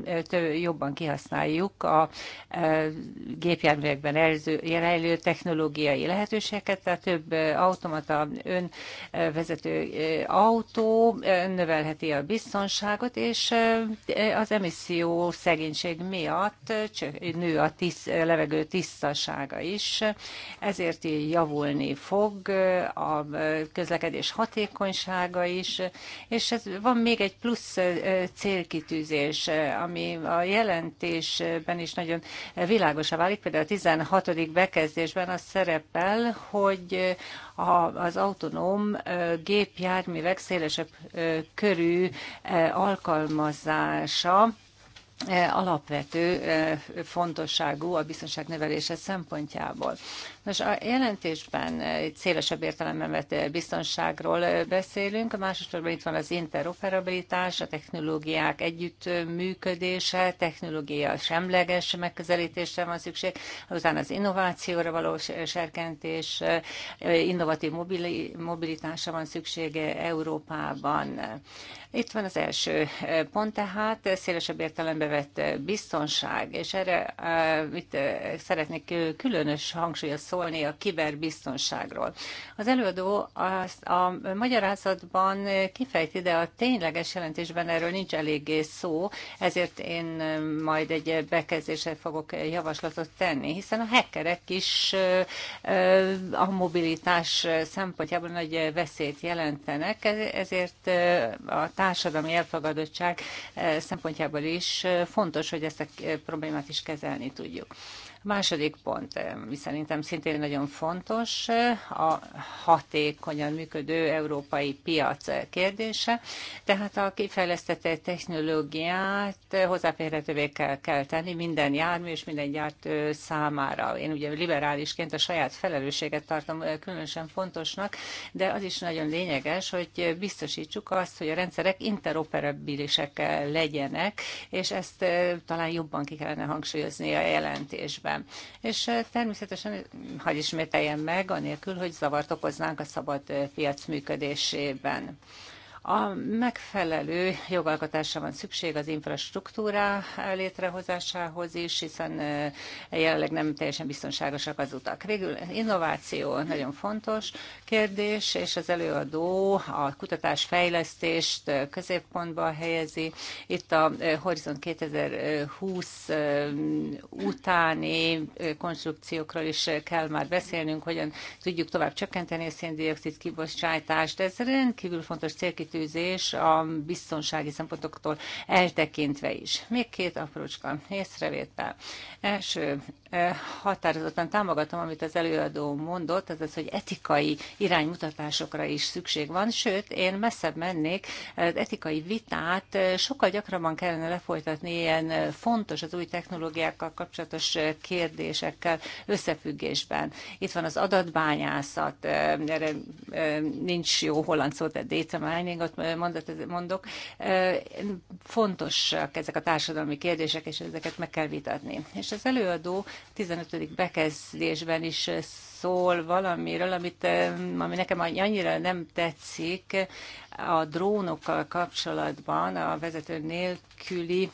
jobban kihasználjuk a gépjárművekben rejlő technológiai lehetőségeket, tehát több automata önvezető autó növelheti a biztonságot, és az emisszió szegénység miatt nő a tiszt, levegő tisztasága is, ezért javulni fog a közlekedés hatékonysága is, és ez van még egy plusz célkitűzés, ami a jelentésben is nagyon A válik, például a 16. bekezdésben az szerepel, hogy az autonóm gépjárművek szélesebb körű alkalmazása alapvető eh, fontosságú a biztonság növelése szempontjából. Nos, a jelentésben eh, itt szélesebb értelemben vett eh, biztonságról eh, beszélünk, a másodszorban itt van az interoperabilitás, a technológiák együttműködése, technológia semleges megközelítésre van szükség, azután az innovációra való serkentés, innovatív mobilitásra van szüksége Európában. Itt van az első pont tehát, szélesebb értelembe vett biztonság, és erre itt szeretnék különös hangsúlyt szólni a kiberbiztonságról. Az előadó az a magyarázatban kifejti, de a tényleges jelentésben erről nincs eléggé szó, ezért én majd egy bekezdésre fogok javaslatot tenni, hiszen a hackerek is a mobilitás szempontjából nagy veszélyt jelentenek, ezért a társadalmi elfogadottság szempontjából is fontos, hogy ezt a problémát is kezelni tudjuk. Második pont, ami eh, szerintem szintén nagyon fontos, eh, a hatékonyan működő európai piac kérdése. Tehát a kifejlesztett technológiát eh, hozzáférhetővé kell, kell tenni minden jármű és minden gyártó számára. Én ugye liberálisként a saját felelősséget tartom különösen fontosnak, de az is nagyon lényeges, hogy biztosítsuk azt, hogy a rendszerek interoperabilisek legyenek, és ezt talán jobban ki kellene hangsúlyozni a jelentésben érdekében. És természetesen, hagyj ismételjem meg, anélkül, hogy zavart okoznánk a szabad piac működésében. A megfelelő jogalkotásra van szükség az infrastruktúra létrehozásához is, hiszen eh, jelenleg nem teljesen biztonságosak az utak. Végül innováció nagyon fontos kérdés, és az előadó a kutatásfejlesztést eh, középpontba helyezi. Itt a eh, Horizon 2020 utáni konstrukciókról is kell már beszélnünk, hogyan tudjuk tovább csökkenteni a széndiokszid kibocsátást. Ez rendkívül fontos célkitűzés fertőzés a biztonsági szempontoktól eltekintve is. Még két aprócska észrevétel. Első, határozottan támogatom, amit az előadó mondott, azaz, az, hogy etikai iránymutatásokra is szükség van, sőt, én messzebb mennék, az etikai vitát sokkal gyakrabban kellene lefolytatni ilyen fontos az új technológiákkal kapcsolatos kérdésekkel összefüggésben. Itt van az adatbányászat, erre nincs jó holland szó, tehát data mondat, mondok. Fontosak ezek a társadalmi kérdések, és ezeket meg kell vitatni. És az előadó 15. bekezdésben is szól valamiről, amit, ami nekem annyira nem tetszik, a drónokkal kapcsolatban a vezető nélküli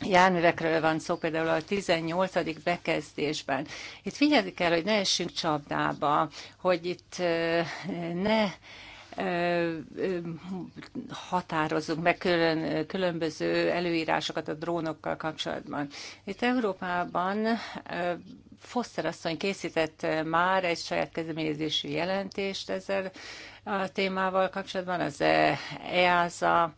járművekről van szó, például a 18. bekezdésben. Itt figyelni kell, hogy ne essünk csapdába, hogy itt ne határozunk meg külön, különböző előírásokat a drónokkal kapcsolatban. Itt Európában Foster asszony készített már egy saját kezdeményezésű jelentést ezzel a témával kapcsolatban, az EASA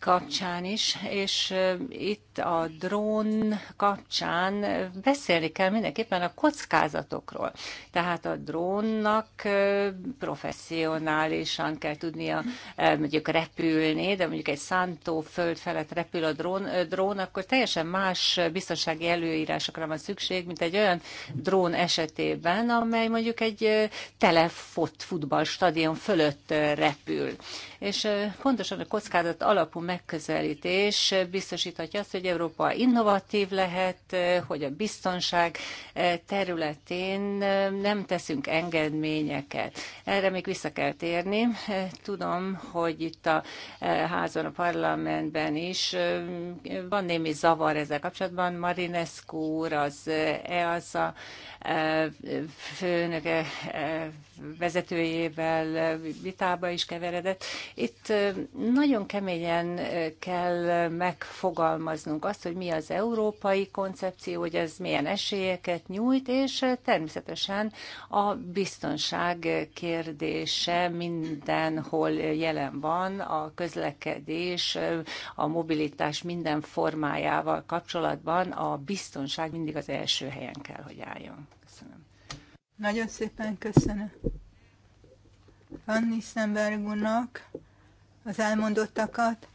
kapcsán is, és itt a drón kapcsán beszélni kell mindenképpen a kockázatokról. Tehát a drónnak professzionálisan kell tudnia mondjuk repülni, de mondjuk egy szántó föld felett repül a drón, drón, akkor teljesen más biztonsági előírásokra van szükség, mint egy olyan drón esetében, amely mondjuk egy telefot futballstadion fölött repül és pontosan a kockázat alapú megközelítés biztosíthatja azt, hogy Európa innovatív lehet, hogy a biztonság területén nem teszünk engedményeket. Erre még vissza kell térni. Tudom, hogy itt a házon, a parlamentben is van némi zavar ezzel kapcsolatban. Marinescu úr, az EASA főnöke vezetőjével vitába is keveredett. Itt nagyon keményen kell megfogalmaznunk azt, hogy mi az európai koncepció, hogy ez milyen esélyeket nyújt, és természetesen a biztonság kérdése mindenhol jelen van, a közlekedés, a mobilitás minden formájával kapcsolatban a biztonság mindig az első helyen kell, hogy álljon. Nagyon szépen köszönöm Van Nissenberg az elmondottakat.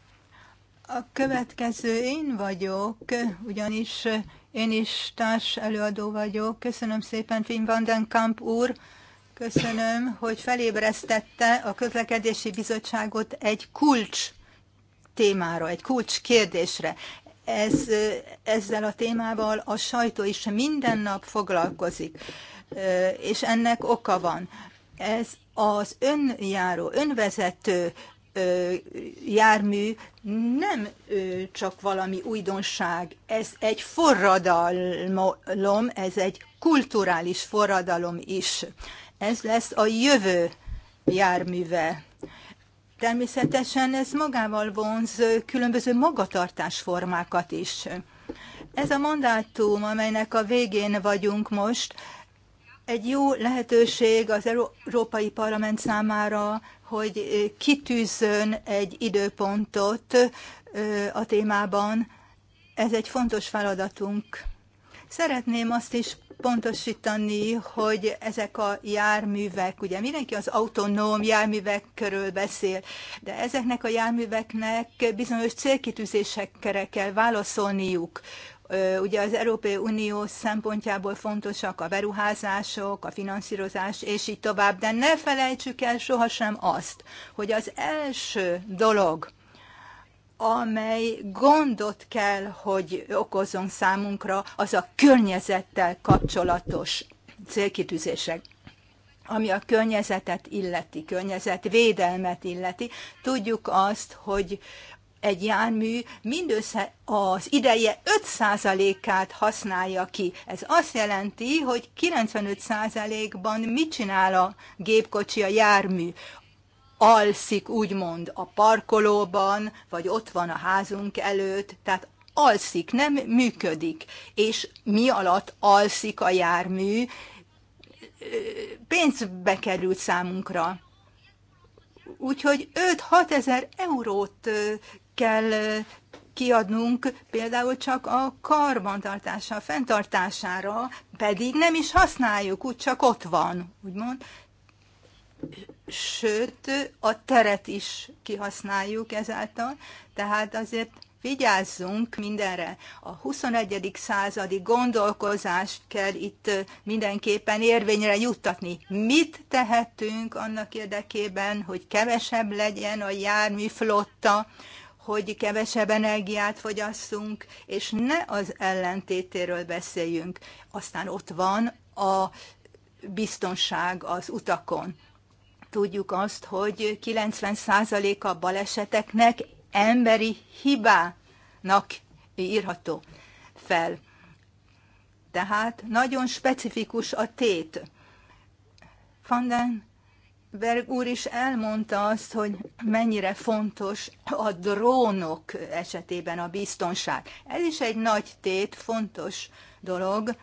A következő én vagyok, ugyanis én is társ előadó vagyok. Köszönöm szépen, Finn van den Kamp úr. Köszönöm, hogy felébresztette a közlekedési bizottságot egy kulcs témára, egy kulcs kérdésre. Ez, ezzel a témával a sajtó is minden nap foglalkozik és ennek oka van. Ez az önjáró, önvezető jármű nem csak valami újdonság, ez egy forradalom, ez egy kulturális forradalom is. Ez lesz a jövő járműve. Természetesen ez magával vonz különböző magatartásformákat is. Ez a mandátum, amelynek a végén vagyunk most, egy jó lehetőség az Európai Parlament számára, hogy kitűzön egy időpontot a témában. Ez egy fontos feladatunk. Szeretném azt is pontosítani, hogy ezek a járművek, ugye mindenki az autonóm járművek körül beszél, de ezeknek a járműveknek bizonyos célkitűzésekre kell válaszolniuk. Ugye az Európai Unió szempontjából fontosak a beruházások, a finanszírozás, és így tovább, de ne felejtsük el sohasem azt, hogy az első dolog, amely gondot kell, hogy okozzon számunkra, az a környezettel kapcsolatos célkitűzések ami a környezetet illeti, környezetvédelmet illeti. Tudjuk azt, hogy egy jármű mindössze az ideje 5%-át használja ki. Ez azt jelenti, hogy 95%-ban mit csinál a gépkocsi, a jármű? Alszik, úgymond, a parkolóban, vagy ott van a házunk előtt, tehát alszik, nem működik. És mi alatt alszik a jármű, pénzbe került számunkra. Úgyhogy 5-6 ezer eurót kell kiadnunk például csak a karbantartása, a fenntartására, pedig nem is használjuk, úgy csak ott van, úgymond. Sőt, a teret is kihasználjuk ezáltal, tehát azért vigyázzunk mindenre. A 21. századi gondolkozást kell itt mindenképpen érvényre juttatni. Mit tehetünk annak érdekében, hogy kevesebb legyen a járműflotta, hogy kevesebb energiát fogyasszunk, és ne az ellentétéről beszéljünk. Aztán ott van a biztonság az utakon. Tudjuk azt, hogy 90% a baleseteknek emberi hibának írható fel. Tehát nagyon specifikus a tét. Fanden Berg úr is elmondta azt, hogy mennyire fontos a drónok esetében a biztonság. Ez is egy nagy tét, fontos dolog,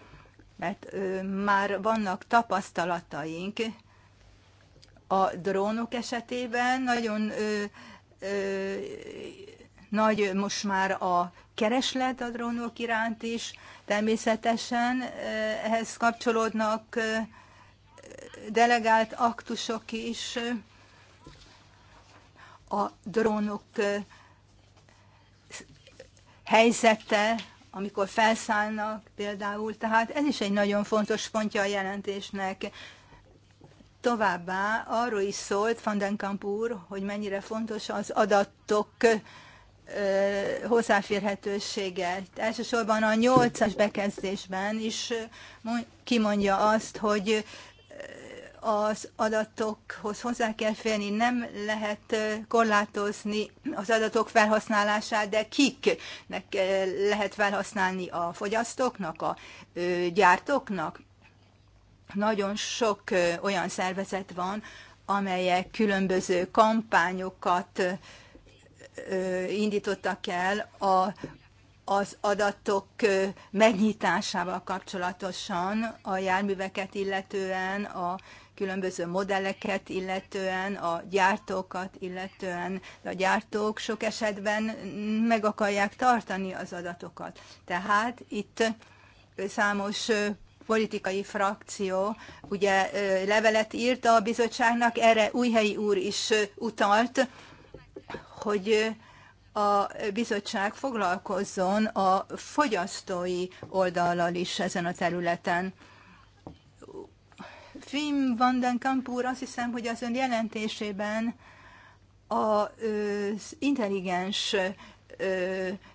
mert már vannak tapasztalataink a drónok esetében. Nagyon ö, ö, nagy most már a kereslet a drónok iránt is. Természetesen ehhez kapcsolódnak delegált aktusok is a drónok helyzete, amikor felszállnak például, tehát ez is egy nagyon fontos pontja a jelentésnek. Továbbá arról is szólt Van den Kamp úr, hogy mennyire fontos az adatok hozzáférhetősége. Elsősorban a nyolcas bekezdésben is kimondja azt, hogy az adatokhoz hozzá kell férni, nem lehet korlátozni az adatok felhasználását, de kiknek lehet felhasználni a fogyasztóknak, a gyártóknak. Nagyon sok olyan szervezet van, amelyek különböző kampányokat indítottak el a, az adatok megnyitásával kapcsolatosan, a járműveket illetően, a különböző modelleket illetően, a gyártókat illetően. De a gyártók sok esetben meg akarják tartani az adatokat. Tehát itt számos politikai frakció ugye levelet írt a bizottságnak, erre Újhelyi úr is utalt, hogy a bizottság foglalkozzon a fogyasztói oldallal is ezen a területen. Wim van den Kamp úr, azt hiszem, hogy az ön jelentésében az intelligens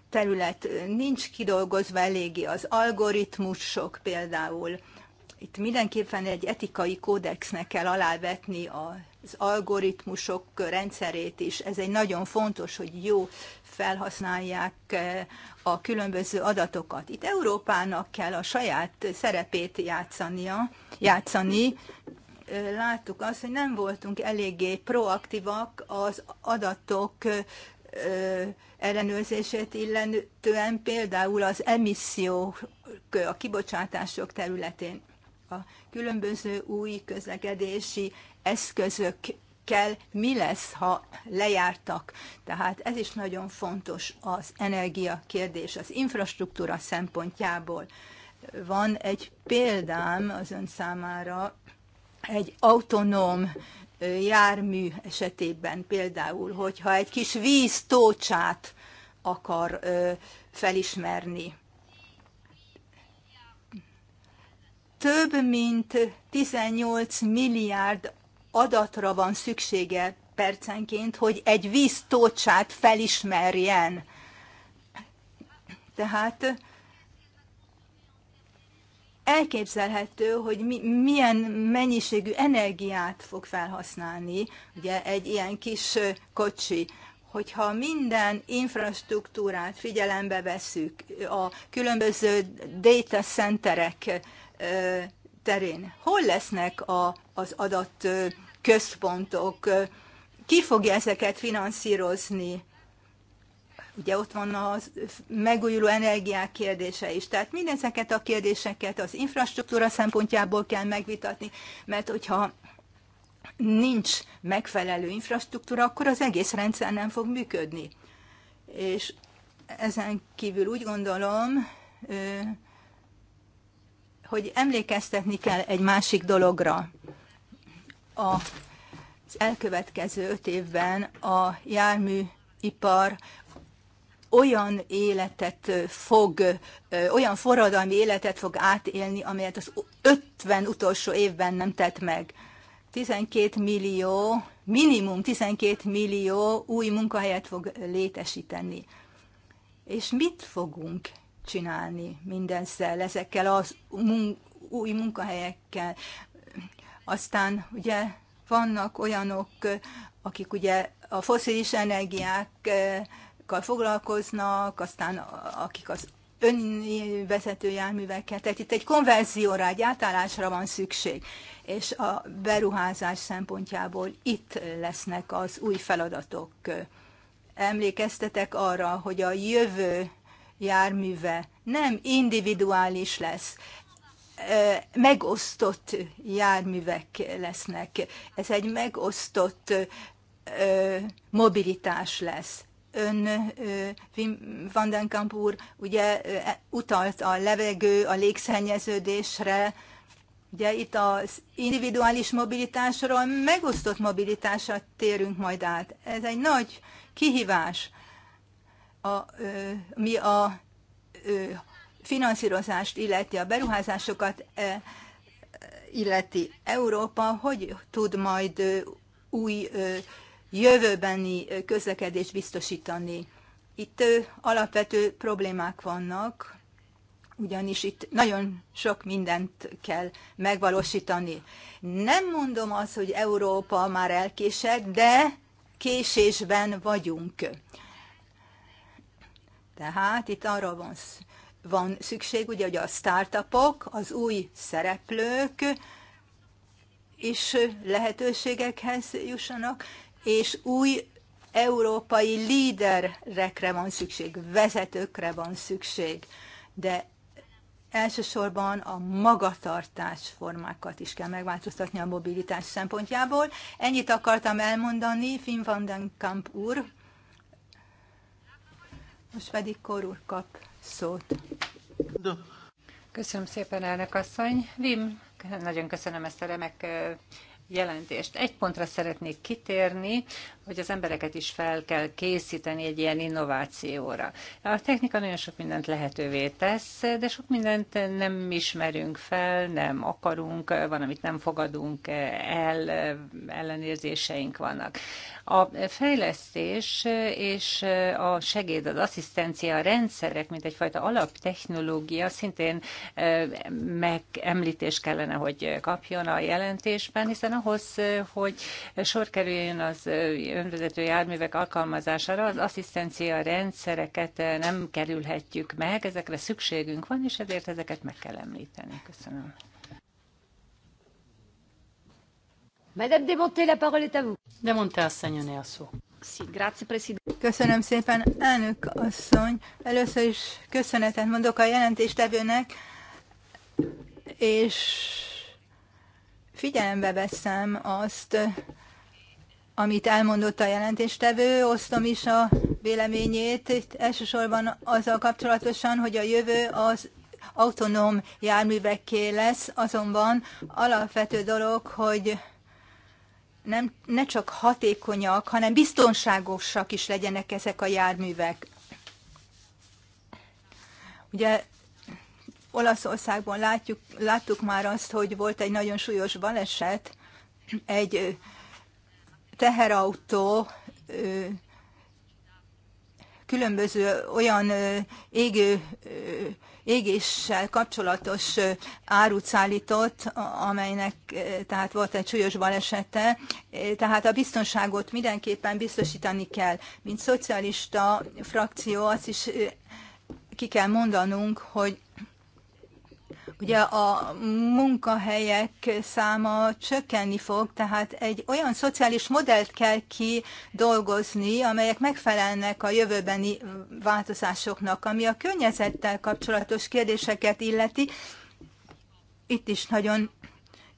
terület nincs kidolgozva eléggé, az algoritmusok például. Itt mindenképpen egy etikai kódexnek kell alávetni az algoritmusok rendszerét is. Ez egy nagyon fontos, hogy jó felhasználják eh, a különböző adatokat. Itt Európának kell a saját szerepét játszania, játszani. Eh, láttuk azt, hogy nem voltunk eléggé proaktívak az adatok eh, ellenőrzését illetően, például az emisszió a kibocsátások területén a különböző új közlekedési eszközök kell, mi lesz, ha lejártak. Tehát ez is nagyon fontos az energia kérdés, az infrastruktúra szempontjából. Van egy példám az ön számára, egy autonóm jármű esetében például, hogyha egy kis víztócsát akar felismerni. Több mint 18 milliárd adatra van szüksége percenként, hogy egy víztócsát felismerjen. Tehát elképzelhető, hogy mi, milyen mennyiségű energiát fog felhasználni ugye egy ilyen kis kocsi. Hogyha minden infrastruktúrát figyelembe veszük a különböző data centerek terén, hol lesznek a, az adat központok, ki fogja ezeket finanszírozni? Ugye ott van a megújuló energiák kérdése is. Tehát mindezeket a kérdéseket az infrastruktúra szempontjából kell megvitatni, mert hogyha nincs megfelelő infrastruktúra, akkor az egész rendszer nem fog működni. És ezen kívül úgy gondolom, hogy emlékeztetni kell egy másik dologra az elkövetkező öt évben a járműipar olyan életet fog, olyan forradalmi életet fog átélni, amelyet az 50 utolsó évben nem tett meg. 12 millió, minimum 12 millió új munkahelyet fog létesíteni. És mit fogunk csinálni mindezzel, ezekkel az mun- új munkahelyekkel? Aztán ugye vannak olyanok, akik ugye a foszilis energiákkal foglalkoznak, aztán akik az önvezető járműveket, tehát itt egy konverzióra, egy átállásra van szükség, és a beruházás szempontjából itt lesznek az új feladatok. Emlékeztetek arra, hogy a jövő járműve nem individuális lesz, megosztott járművek lesznek. Ez egy megosztott mobilitás lesz. Ön, Wim van den Kamp úr, ugye e, utalt a levegő, a légszennyeződésre, Ugye itt az individuális mobilitásról megosztott mobilitásra térünk majd át. Ez egy nagy kihívás. A, mi a finanszírozást illeti, a beruházásokat eh, eh, illeti Európa, hogy tud majd eh, új jövőbeni közlekedést biztosítani. Itt alapvető problémák vannak, ugyanis itt nagyon sok mindent kell megvalósítani. Nem mondom azt, hogy Európa már elkésett, de késésben vagyunk. Tehát itt arra van van szükség, ugye, hogy a startupok, az új szereplők is lehetőségekhez jussanak, és új európai líderekre van szükség, vezetőkre van szükség, de elsősorban a magatartás formákat is kell megváltoztatni a mobilitás szempontjából. Ennyit akartam elmondani, Finn van den Kamp úr. Most pedig korúr kap szót. Köszönöm szépen, elnök asszony. Vim, nagyon köszönöm ezt a remek jelentést. Egy pontra szeretnék kitérni, hogy az embereket is fel kell készíteni egy ilyen innovációra. A technika nagyon sok mindent lehetővé tesz, de sok mindent nem ismerünk fel, nem akarunk, van, amit nem fogadunk el, ellenérzéseink vannak. A fejlesztés és a segéd, az asszisztencia, a rendszerek, mint egyfajta alaptechnológia szintén megemlítés kellene, hogy kapjon a jelentésben, hiszen ahhoz, hogy sor kerüljön az önvezető járművek alkalmazására az asszisztencia rendszereket eh, nem kerülhetjük meg, ezekre szükségünk van, és ezért ezeket meg kell említeni. Köszönöm. Madame Demonté, la parole est à vous. Demonté asszonyoné a szó. Köszönöm szépen, elnök asszony. Először is köszönetet mondok a jelentéstevőnek, és figyelembe veszem azt, amit elmondott a jelentéstevő, osztom is a véleményét, Itt elsősorban azzal kapcsolatosan, hogy a jövő az autonóm járművekké lesz, azonban alapvető dolog, hogy nem, ne csak hatékonyak, hanem biztonságosak is legyenek ezek a járművek. Ugye Olaszországban látjuk, láttuk már azt, hogy volt egy nagyon súlyos baleset, egy teherautó különböző olyan égő, égéssel kapcsolatos árut szállított, amelynek tehát volt egy súlyos balesete. Tehát a biztonságot mindenképpen biztosítani kell. Mint szocialista frakció azt is ki kell mondanunk, hogy Ugye a munkahelyek száma csökkenni fog, tehát egy olyan szociális modellt kell kidolgozni, amelyek megfelelnek a jövőbeni változásoknak, ami a környezettel kapcsolatos kérdéseket illeti. Itt is nagyon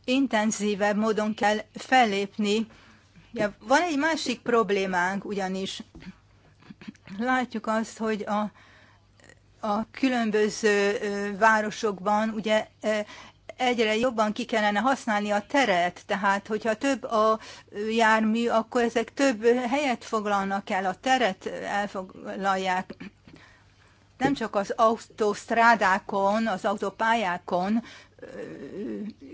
intenzívebb módon kell fellépni. Ja, van egy másik problémánk ugyanis. Látjuk azt, hogy a a különböző városokban ugye egyre jobban ki kellene használni a teret, tehát hogyha több a jármű, akkor ezek több helyet foglalnak el, a teret elfoglalják. Nem csak az autósztrádákon, az autópályákon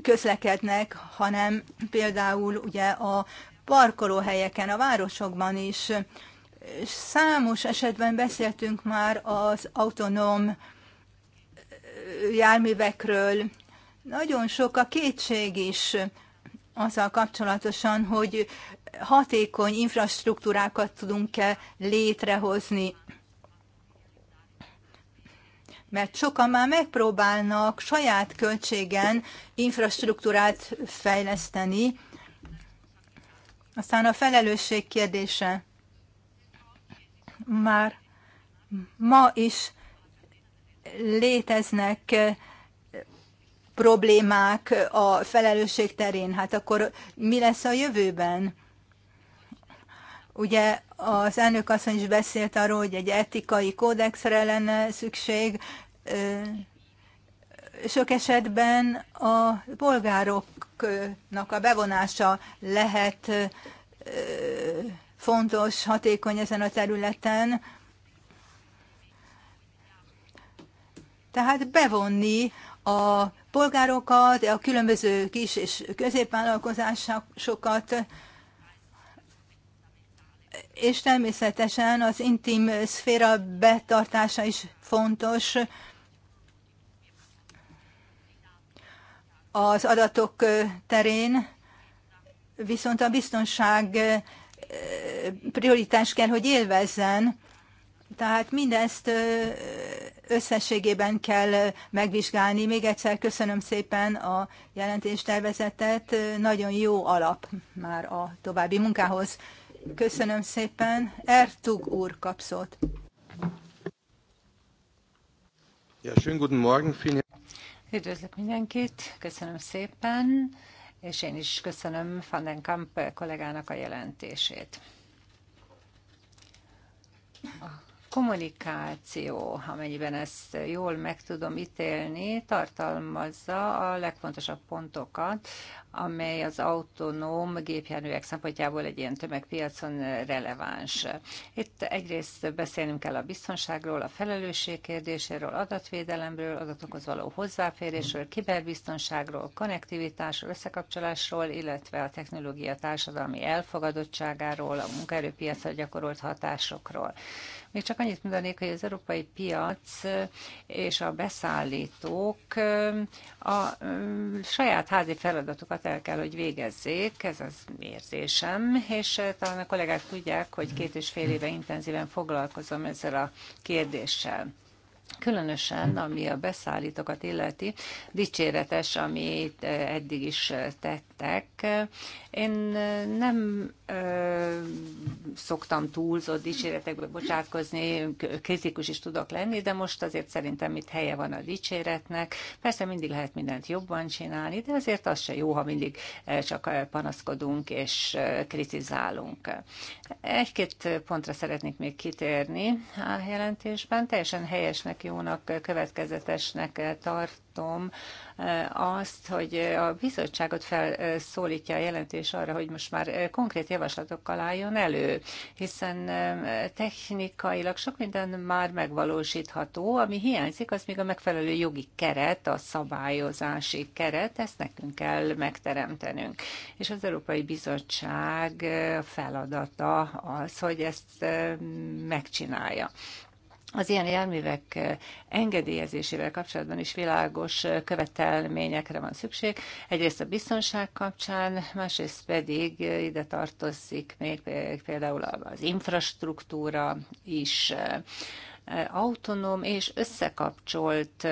közlekednek, hanem például ugye a parkolóhelyeken, a városokban is Számos esetben beszéltünk már az autonóm járművekről. Nagyon sok a kétség is azzal kapcsolatosan, hogy hatékony infrastruktúrákat tudunk-e létrehozni. Mert sokan már megpróbálnak saját költségen infrastruktúrát fejleszteni. Aztán a felelősség kérdése már ma is léteznek eh, problémák a felelősség terén. Hát akkor mi lesz a jövőben? Ugye az elnök asszony is beszélt arról, hogy egy etikai kódexre lenne szükség. Eh, sok esetben a polgároknak a bevonása lehet eh, fontos, hatékony ezen a területen. Tehát bevonni a polgárokat, a különböző kis és középvállalkozásokat, és természetesen az intim szféra betartása is fontos. Az adatok terén viszont a biztonság prioritás kell, hogy élvezzen. Tehát mindezt összességében kell megvizsgálni. Még egyszer köszönöm szépen a jelentéstervezetet. Nagyon jó alap már a további munkához. Köszönöm szépen. Ertug úr kapszott. Ja, schönen guten Morgen. Üdvözlök mindenkit. Köszönöm szépen és én is köszönöm Kamp kollégának a jelentését kommunikáció, amennyiben ezt jól meg tudom ítélni, tartalmazza a legfontosabb pontokat, amely az autonóm gépjárművek szempontjából egy ilyen tömegpiacon releváns. Itt egyrészt beszélnünk kell a biztonságról, a felelősség kérdéséről, adatvédelemről, adatokhoz való hozzáférésről, kiberbiztonságról, konnektivitásról, összekapcsolásról, illetve a technológia társadalmi elfogadottságáról, a munkaerőpiacra gyakorolt hatásokról. Még csak annyit mondanék, hogy az európai piac eh, és a beszállítók eh, a mm, saját házi feladatokat el kell, hogy végezzék, ez az érzésem, és eh, talán a kollégák tudják, hogy két és fél éve intenzíven foglalkozom ezzel a kérdéssel. Különösen, ami a beszállítókat illeti, dicséretes, amit eh, eddig is eh, tettek. Én eh, nem ö, szoktam túlzott dicséretekbe bocsátkozni, kritikus is tudok lenni, de most azért szerintem itt helye van a dicséretnek. Persze mindig lehet mindent jobban csinálni, de azért az se jó, ha mindig csak panaszkodunk és kritizálunk. Egy-két pontra szeretnék még kitérni a jelentésben. Teljesen helyesnek észszerűnek, jónak, következetesnek tartom eh, azt, hogy a bizottságot felszólítja a jelentés arra, hogy most már eh, konkrét javaslatokkal álljon elő, hiszen eh, technikailag sok minden már megvalósítható, ami hiányzik, az még a megfelelő jogi keret, a szabályozási keret, ezt nekünk kell megteremtenünk. És az Európai Bizottság feladata az, hogy ezt megcsinálja az ilyen járművek eh, engedélyezésével kapcsolatban is világos eh, követelményekre van szükség. Egyrészt a biztonság kapcsán, másrészt pedig eh, ide tartozik még például az infrastruktúra is, autonóm és összekapcsolt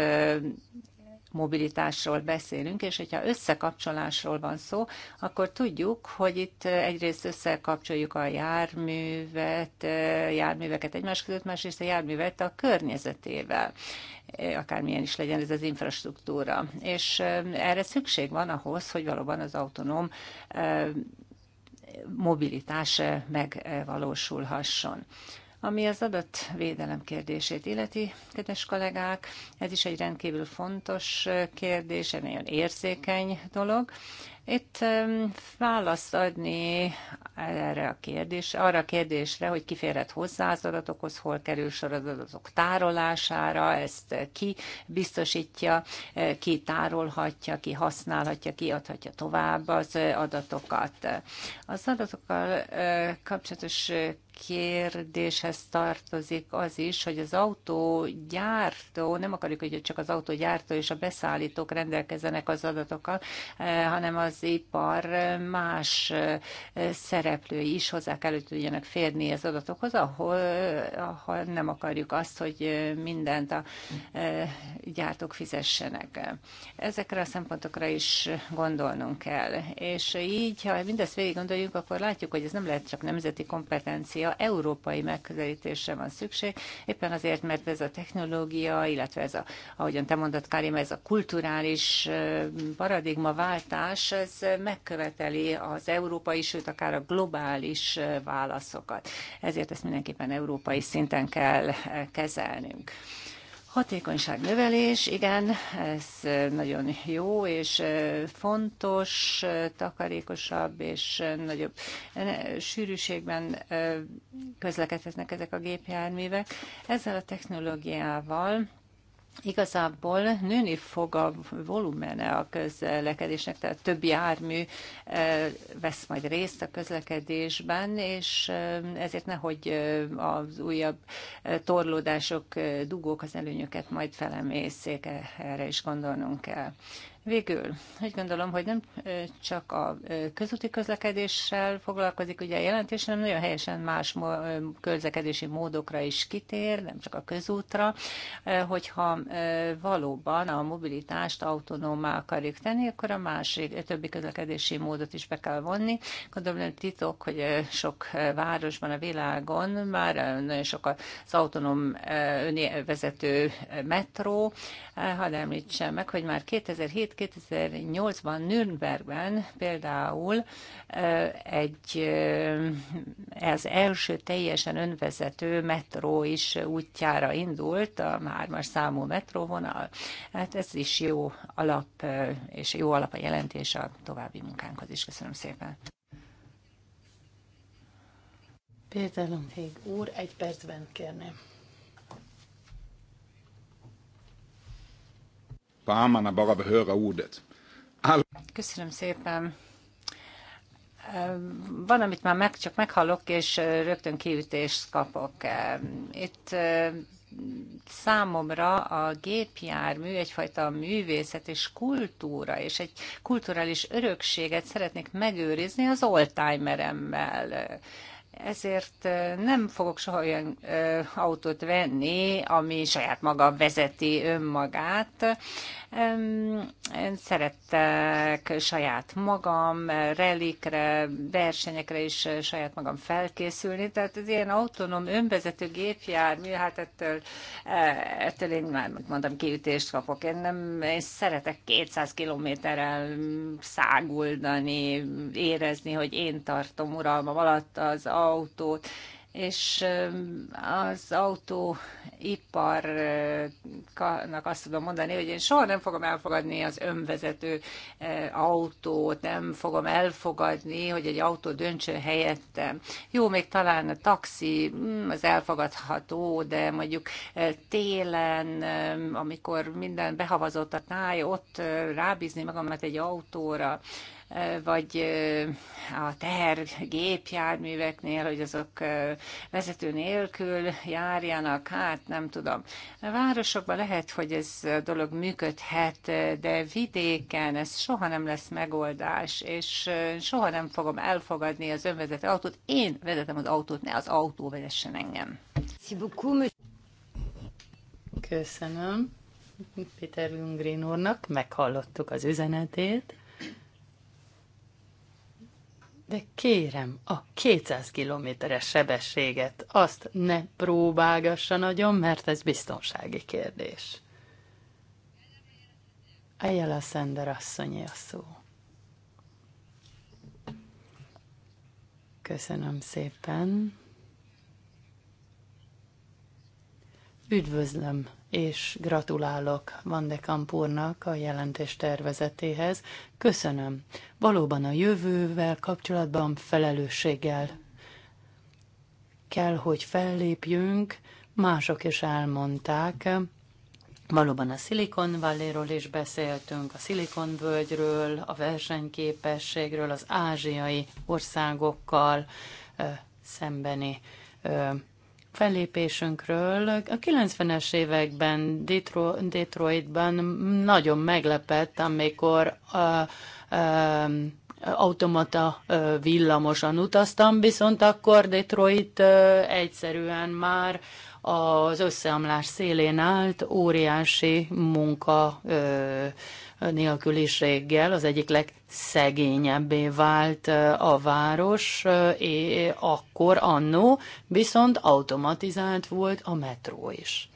mobilitásról beszélünk, és hogyha összekapcsolásról van szó, akkor tudjuk, hogy itt egyrészt összekapcsoljuk a járművet, járműveket egymás között, másrészt a járművet a környezetével akármilyen is legyen ez az infrastruktúra. És erre szükség van ahhoz, hogy valóban az autonóm mobilitás megvalósulhasson. Ami az adatvédelem kérdését illeti, kedves kollégák, ez is egy rendkívül fontos kérdés, egy nagyon érzékeny dolog. Itt választ adni erre a kérdés, arra a kérdésre, hogy ki férhet hozzá az adatokhoz, hol kerül sor az adatok tárolására, ezt ki biztosítja, eh, ki tárolhatja, ki használhatja, ki adhatja tovább az adatokat. Az adatokkal eh, kapcsolatos kérdéshez tartozik az is, hogy az autógyártó, nem akarjuk, hogy csak az autógyártó és a beszállítók rendelkezzenek az adatokkal, eh, hanem az ipar más eh, szereplői is hozzá kell, hogy tudjanak férni az adatokhoz, ahol, eh, ahol nem akarjuk azt, hogy mindent a gyártók fizessenek. Ezekre a szempontokra is gondolnunk kell. És így, ha mindezt végig gondoljuk, akkor látjuk, hogy ez nem lehet csak nemzeti kompetencia, technológia európai megközelítésre van szükség, éppen azért, mert ez a technológia, illetve ez a, ahogyan te mondod, Karim, ez a kulturális paradigma váltás, ez megköveteli az európai, sőt akár a globális válaszokat. Ezért ezt mindenképpen európai szinten kell kezelnünk. Hatékonyság növelés, igen, ez nagyon jó és fontos, takarékosabb és nagyobb sűrűségben közlekedhetnek ezek a gépjárművek. Ezzel a technológiával igazából nőni fog a volumene a közlekedésnek, tehát több jármű eh, vesz majd részt a közlekedésben, és eh, ezért nehogy eh, az újabb torlódások, dugók az előnyöket majd felemészék, erre is gondolnunk kell. Végül, úgy gondolom, hogy nem csak a közúti közlekedéssel foglalkozik ugye a jelentés, hanem nagyon helyesen más közlekedési módokra is kitér, nem csak a közútra, hogyha valóban a mobilitást autonómá akarjuk tenni, akkor a másik, a többi közlekedési módot is be kell vonni. Gondolom nem titok, hogy sok városban a világon már nagyon sok az autonóm vezető metró, hadd említsem meg, hogy már 2007 itt 2008-ban Nürnbergben például egy az első teljesen önvezető metró is útjára indult, a hármas számú metróvonal. Hát ez is jó alap, és jó alap a jelentés a további munkánkhoz is. Köszönöm szépen. Például Lomhég úr, egy percben kérném. Pámana behöra Köszönöm szépen. Van, amit már meg, csak meghallok, és rögtön kiütést kapok. Itt számomra a gépjármű egyfajta művészet és kultúra, és egy kulturális örökséget szeretnék megőrizni az oldtimeremmel ezért nem fogok soha olyan autót venni, ami saját maga vezeti önmagát. Szerettek saját magam relikre, versenyekre is saját magam felkészülni, tehát az ilyen autonóm önvezető gépjármű, hát ettől, e, ettől én már mondtam kiütést kapok. Én, nem, én szeretek 200 kilométerrel száguldani, érezni, hogy én tartom uralmam alatt az autót, és az autóiparnak azt tudom mondani, hogy én soha nem fogom elfogadni az önvezető autót, nem fogom elfogadni, hogy egy autó döntsön helyettem. Jó, még talán a taxi, mm, az elfogadható, de mondjuk télen, amikor minden behavazott a táj, ott rábízni magamat egy autóra, vagy a gépjárműveknél, hogy azok vezető nélkül járjanak, hát nem tudom. A városokban lehet, hogy ez a dolog működhet, de vidéken ez soha nem lesz megoldás, és soha nem fogom elfogadni az önvezető autót. Én vezetem az autót, ne az autó vezessen engem. Köszönöm Péter Lundgren úrnak, meghallottuk az üzenetét. De kérem, a 200 kilométeres sebességet azt ne próbálgassa nagyon, mert ez biztonsági kérdés. Eljel a Szender asszonyi a szó. Köszönöm szépen. Üdvözlöm és gratulálok Van de Kampurnak a jelentés tervezetéhez. Köszönöm. Valóban a jövővel kapcsolatban felelősséggel kell, hogy fellépjünk. Mások is elmondták. Valóban a Silicon Valley-ról is beszéltünk, a Silicon völgyről, a versenyképességről, az ázsiai országokkal szembeni fellépésünkről. A 90-es években Detro- Detroitban nagyon meglepett, amikor a, a, automata villamosan utaztam, viszont akkor Detroit egyszerűen már az összeomlás szélén állt, óriási munka ö, nélküliséggel az egyik legszegényebbé vált a város, és akkor annó viszont automatizált volt a metró is.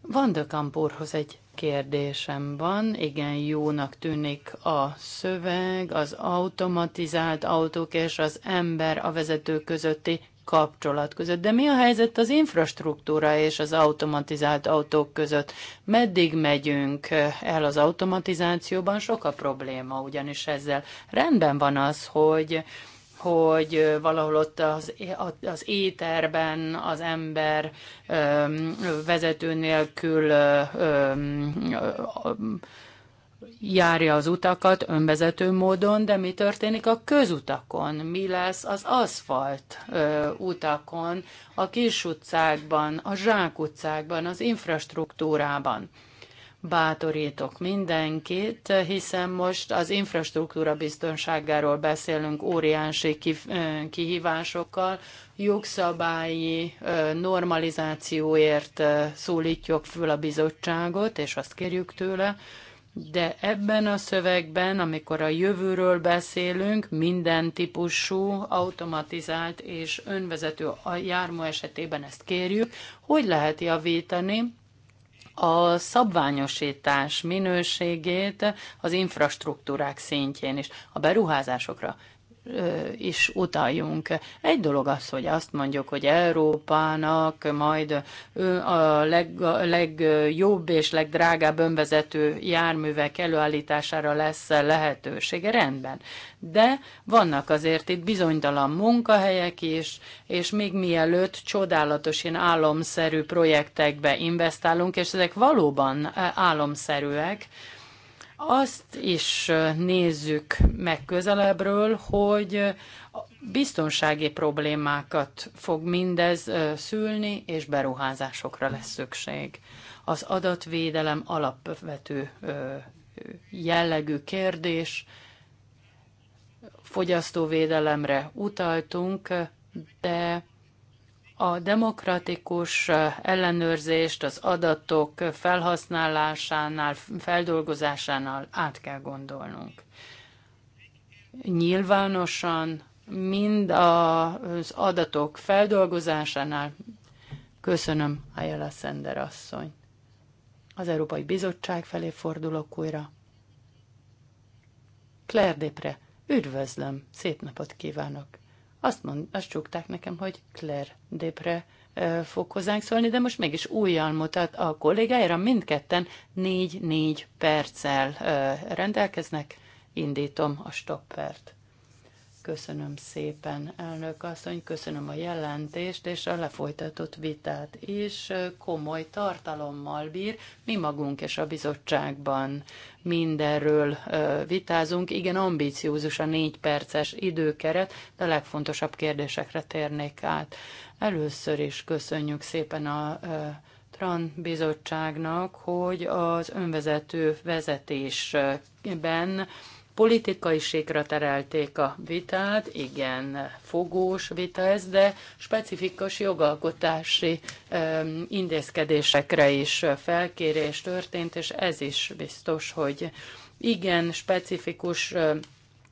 Van de Kampurhoz egy kérdésem van. Igen, jónak tűnik a szöveg, az automatizált autók és az ember a vezető közötti kapcsolat között. De mi a helyzet az infrastruktúra és az automatizált autók között? Meddig megyünk el az automatizációban? Sok a probléma ugyanis ezzel. Rendben van az, hogy hogy valahol ott az, az éterben az ember öm, vezető nélkül öm, öm, járja az utakat önvezető módon, de mi történik a közutakon? Mi lesz az aszfalt ö, utakon, a kis utcákban, a utcákban, az infrastruktúrában? Bátorítok mindenkit, hiszen most az infrastruktúra biztonságáról beszélünk óriási kihívásokkal, jogszabályi normalizációért szólítjuk föl a bizottságot, és azt kérjük tőle, de ebben a szövegben, amikor a jövőről beszélünk, minden típusú, automatizált és önvezető a jármű esetében ezt kérjük, hogy lehet javítani a szabványosítás minőségét az infrastruktúrák szintjén is, a beruházásokra is utaljunk. Egy dolog az, hogy azt mondjuk, hogy Európának majd a leg, a legjobb és legdrágább önvezető járművek előállítására lesz lehetősége, rendben. De vannak azért itt bizonytalan munkahelyek is, és még mielőtt csodálatos ilyen álomszerű projektekbe investálunk, és ezek valóban álomszerűek, azt is nézzük meg közelebbről, hogy biztonsági problémákat fog mindez szülni, és beruházásokra lesz szükség. Az adatvédelem alapvető jellegű kérdés, fogyasztóvédelemre utaltunk, de a demokratikus ellenőrzést az adatok felhasználásánál, feldolgozásánál át kell gondolnunk. Nyilvánosan mind az adatok feldolgozásánál köszönöm Ayala Szender asszony. Az Európai Bizottság felé fordulok újra. Claire Dépre, üdvözlöm, szép napot kívánok! Azt, mond, azt csukták nekem, hogy Claire Depre fog hozzánk szólni, de most mégis újjal mutat a kollégájára, mindketten 4-4 perccel rendelkeznek. Indítom a stoppert. Köszönöm szépen, elnök asszony, köszönöm a jelentést és a lefolytatott vitát is. Komoly tartalommal bír, mi magunk és a bizottságban mindenről vitázunk. Igen, ambíciózus a négy perces időkeret, de a legfontosabb kérdésekre térnék át. Először is köszönjük szépen a TRAN bizottságnak, hogy az önvezető vezetésben politikai sékra terelték a vitát, igen, fogós vita ez, de specifikus jogalkotási um, intézkedésekre is felkérés történt, és ez is biztos, hogy igen, specifikus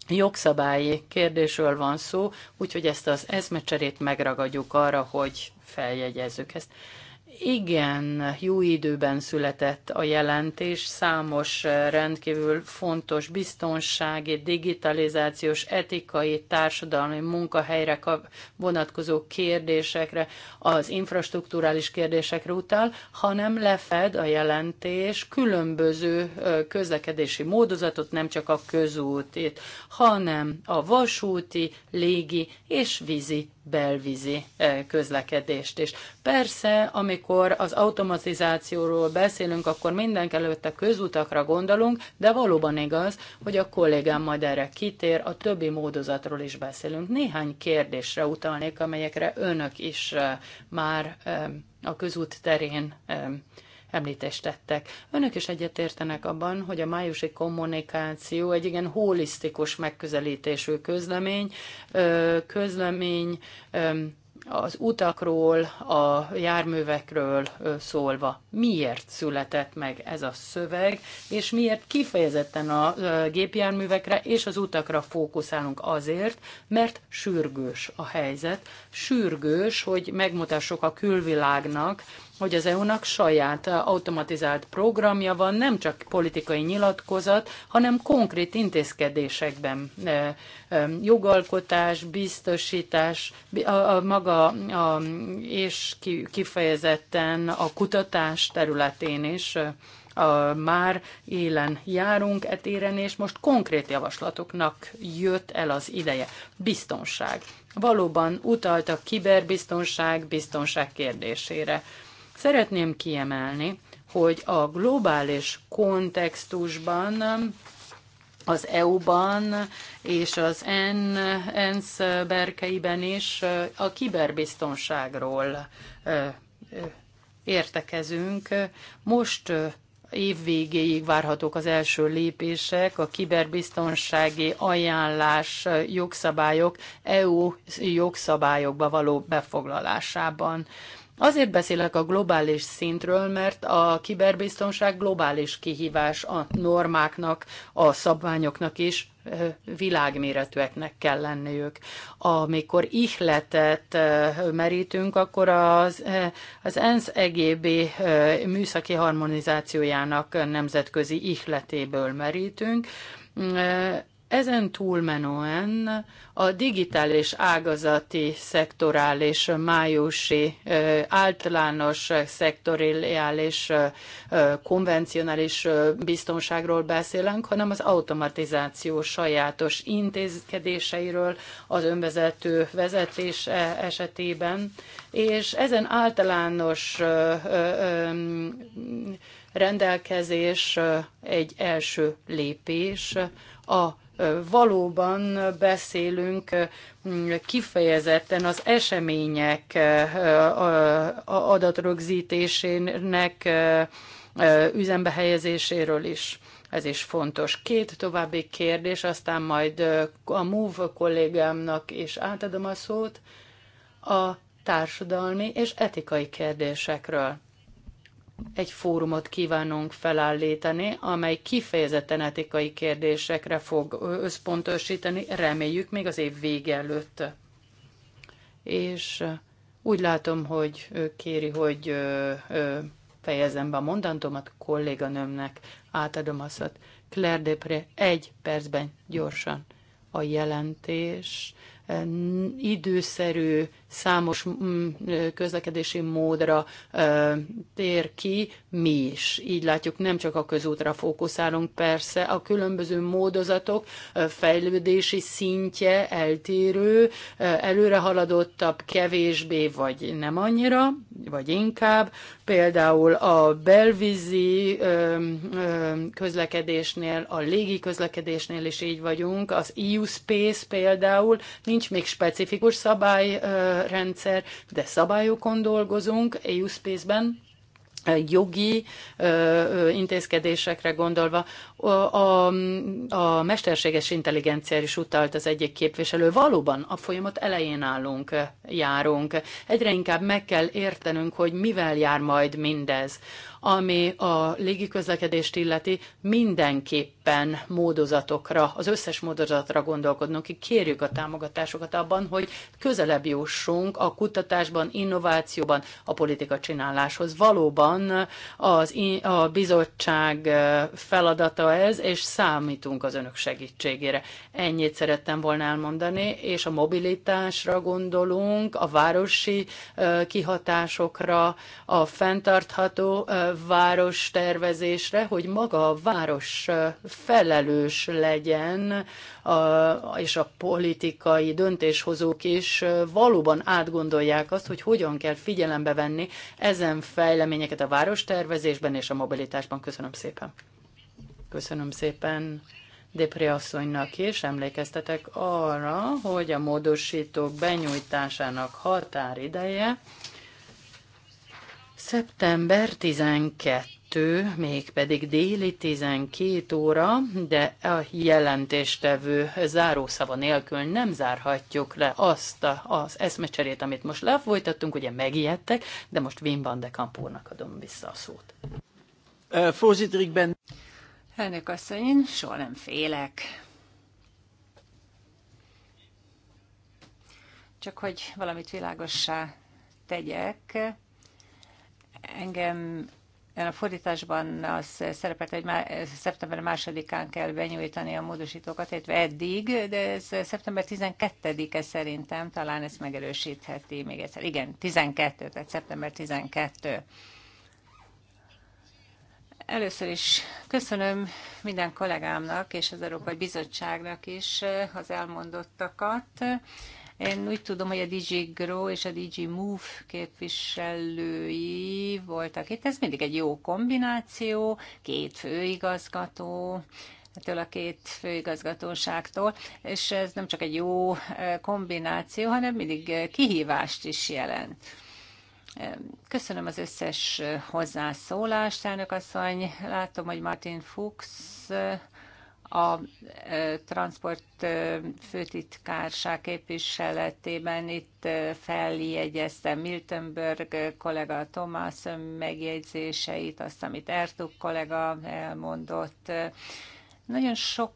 jogszabályi kérdésről van szó, úgyhogy ezt az eszmecserét megragadjuk arra, hogy feljegyezzük ezt igen jó időben született a jelentés, számos eh, rendkívül fontos biztonsági, digitalizációs, etikai, társadalmi munkahelyre vonatkozó kérdésekre, az infrastruktúrális kérdésekre utal, hanem lefed a jelentés különböző eh, közlekedési módozatot, nem csak a közútit, hanem a vasúti, légi és vízi belvízi eh, közlekedést is. Persze, amikor az automatizációról beszélünk, akkor mindenk előtt a közutakra gondolunk, de valóban igaz, hogy a kollégám majd erre kitér, a többi módozatról is beszélünk. Néhány kérdésre utalnék, amelyekre önök is eh, már eh, a közút terén említést tettek. Önök is egyetértenek abban, hogy a májusi kommunikáció egy igen holisztikus megközelítésű közlemény, közlemény az utakról, a járművekről szólva. Miért született meg ez a szöveg, és miért kifejezetten a gépjárművekre és az utakra fókuszálunk azért, mert sürgős a helyzet, sürgős, hogy megmutassuk a külvilágnak, hogy az EU-nak saját eh, automatizált programja van, nem csak politikai nyilatkozat, hanem konkrét intézkedésekben. Eh, eh, jogalkotás, biztosítás, a, a maga a, és kifejezetten a kutatás területén is a, már élen járunk etéren, és most konkrét javaslatoknak jött el az ideje. Biztonság. Valóban utaltak kiberbiztonság, biztonság kérdésére Szeretném kiemelni, hogy a globális kontextusban az EU-ban és az ENSZ berkeiben is a kiberbiztonságról értekezünk. Most év végéig várhatók az első lépések, a kiberbiztonsági ajánlás jogszabályok EU jogszabályokba való befoglalásában. Azért beszélek a globális szintről, mert a kiberbiztonság globális kihívás a normáknak, a szabványoknak is világméretűeknek kell lenniük. Amikor ihletet merítünk, akkor az, az ENSZ EGB műszaki harmonizációjának nemzetközi ihletéből merítünk, ezen túlmenően a digitális ágazati szektorális májusi általános szektoriális konvencionális biztonságról beszélünk, hanem az automatizáció sajátos intézkedéseiről az önvezető vezetés e, esetében, és ezen általános rendelkezés egy első lépés a valóban beszélünk kifejezetten az események adatrögzítésének üzembe helyezéséről is. Ez is fontos. Két további kérdés, aztán majd a MOVE kollégámnak is átadom a szót a társadalmi és etikai kérdésekről egy fórumot kívánunk felállítani, amely kifejezetten etikai kérdésekre fog összpontosítani, reméljük még az év vége előtt. És úgy látom, hogy ő kéri, hogy fejezem be a mondantomat, kolléganőmnek átadom azt. Claire Depré egy percben gyorsan a jelentés időszerű számos mm, közlekedési módra tér ki, mi is. Így látjuk, nem csak a közútra fókuszálunk, persze a különböző módozatok fejlődési szintje eltérő, előre haladottabb, kevésbé, vagy nem annyira, vagy inkább. Például a belvízi közlekedésnél, a légi közlekedésnél is így vagyunk, az EU Space például, nincs még specifikus szabály rendszer, de szabályokon dolgozunk, EU Space-ben, jogi ö, intézkedésekre gondolva. A, a, a mesterséges intelligencia is utalt az egyik képviselő. Valóban a folyamat elején állunk, járunk. Egyre inkább meg kell értenünk, hogy mivel jár majd mindez ami a légiközlekedést illeti, mindenképpen módozatokra, az összes módozatra gondolkodnunk, kérjük a támogatásokat abban, hogy közelebb jussunk a kutatásban, innovációban, a politika csináláshoz. Valóban az, a bizottság eh, feladata ez, és számítunk az önök segítségére. Ennyit szerettem volna elmondani, és a mobilitásra gondolunk, a városi eh, kihatásokra, a fenntartható eh, város tervezésre, hogy maga a város felelős legyen, és a politikai döntéshozók is valóban átgondolják azt, hogy hogyan kell figyelembe venni ezen fejleményeket a várostervezésben és a mobilitásban. Köszönöm szépen. Köszönöm szépen. Depré asszonynak is emlékeztetek arra, hogy a módosítók benyújtásának határideje Szeptember 12, mégpedig déli 12 óra, de a jelentéstevő zárószava nélkül nem zárhatjuk le azt a, az eszmecserét, amit most lefolytattunk, ugye megijedtek, de most Wim van de Kampúrnak adom vissza a szót. Elnök asszony, én soha nem félek. Csak hogy valamit világossá tegyek, engem a fordításban az szerepelt, hogy már szeptember másodikán kell benyújtani a módosítókat, illetve eddig, de ez szeptember 12-e szerintem, talán ezt megerősítheti még egyszer. Igen, 12, tehát szeptember 12. Először is köszönöm minden kollégámnak és az Európai Bizottságnak is az elmondottakat. Én úgy tudom, hogy a DJ Grow és a DJ Move képviselői voltak itt. Ez mindig egy jó kombináció, két főigazgató, ettől a két főigazgatóságtól, és ez nem csak egy jó eh, kombináció, hanem mindig eh, kihívást is jelent. Köszönöm az összes eh, hozzászólást, elnök asszony. Látom, hogy Martin Fuchs a transport főtitkárság képviseletében itt feljegyeztem Miltenberg kollega Tomás megjegyzéseit, azt, amit Ertug kollega elmondott, nagyon sok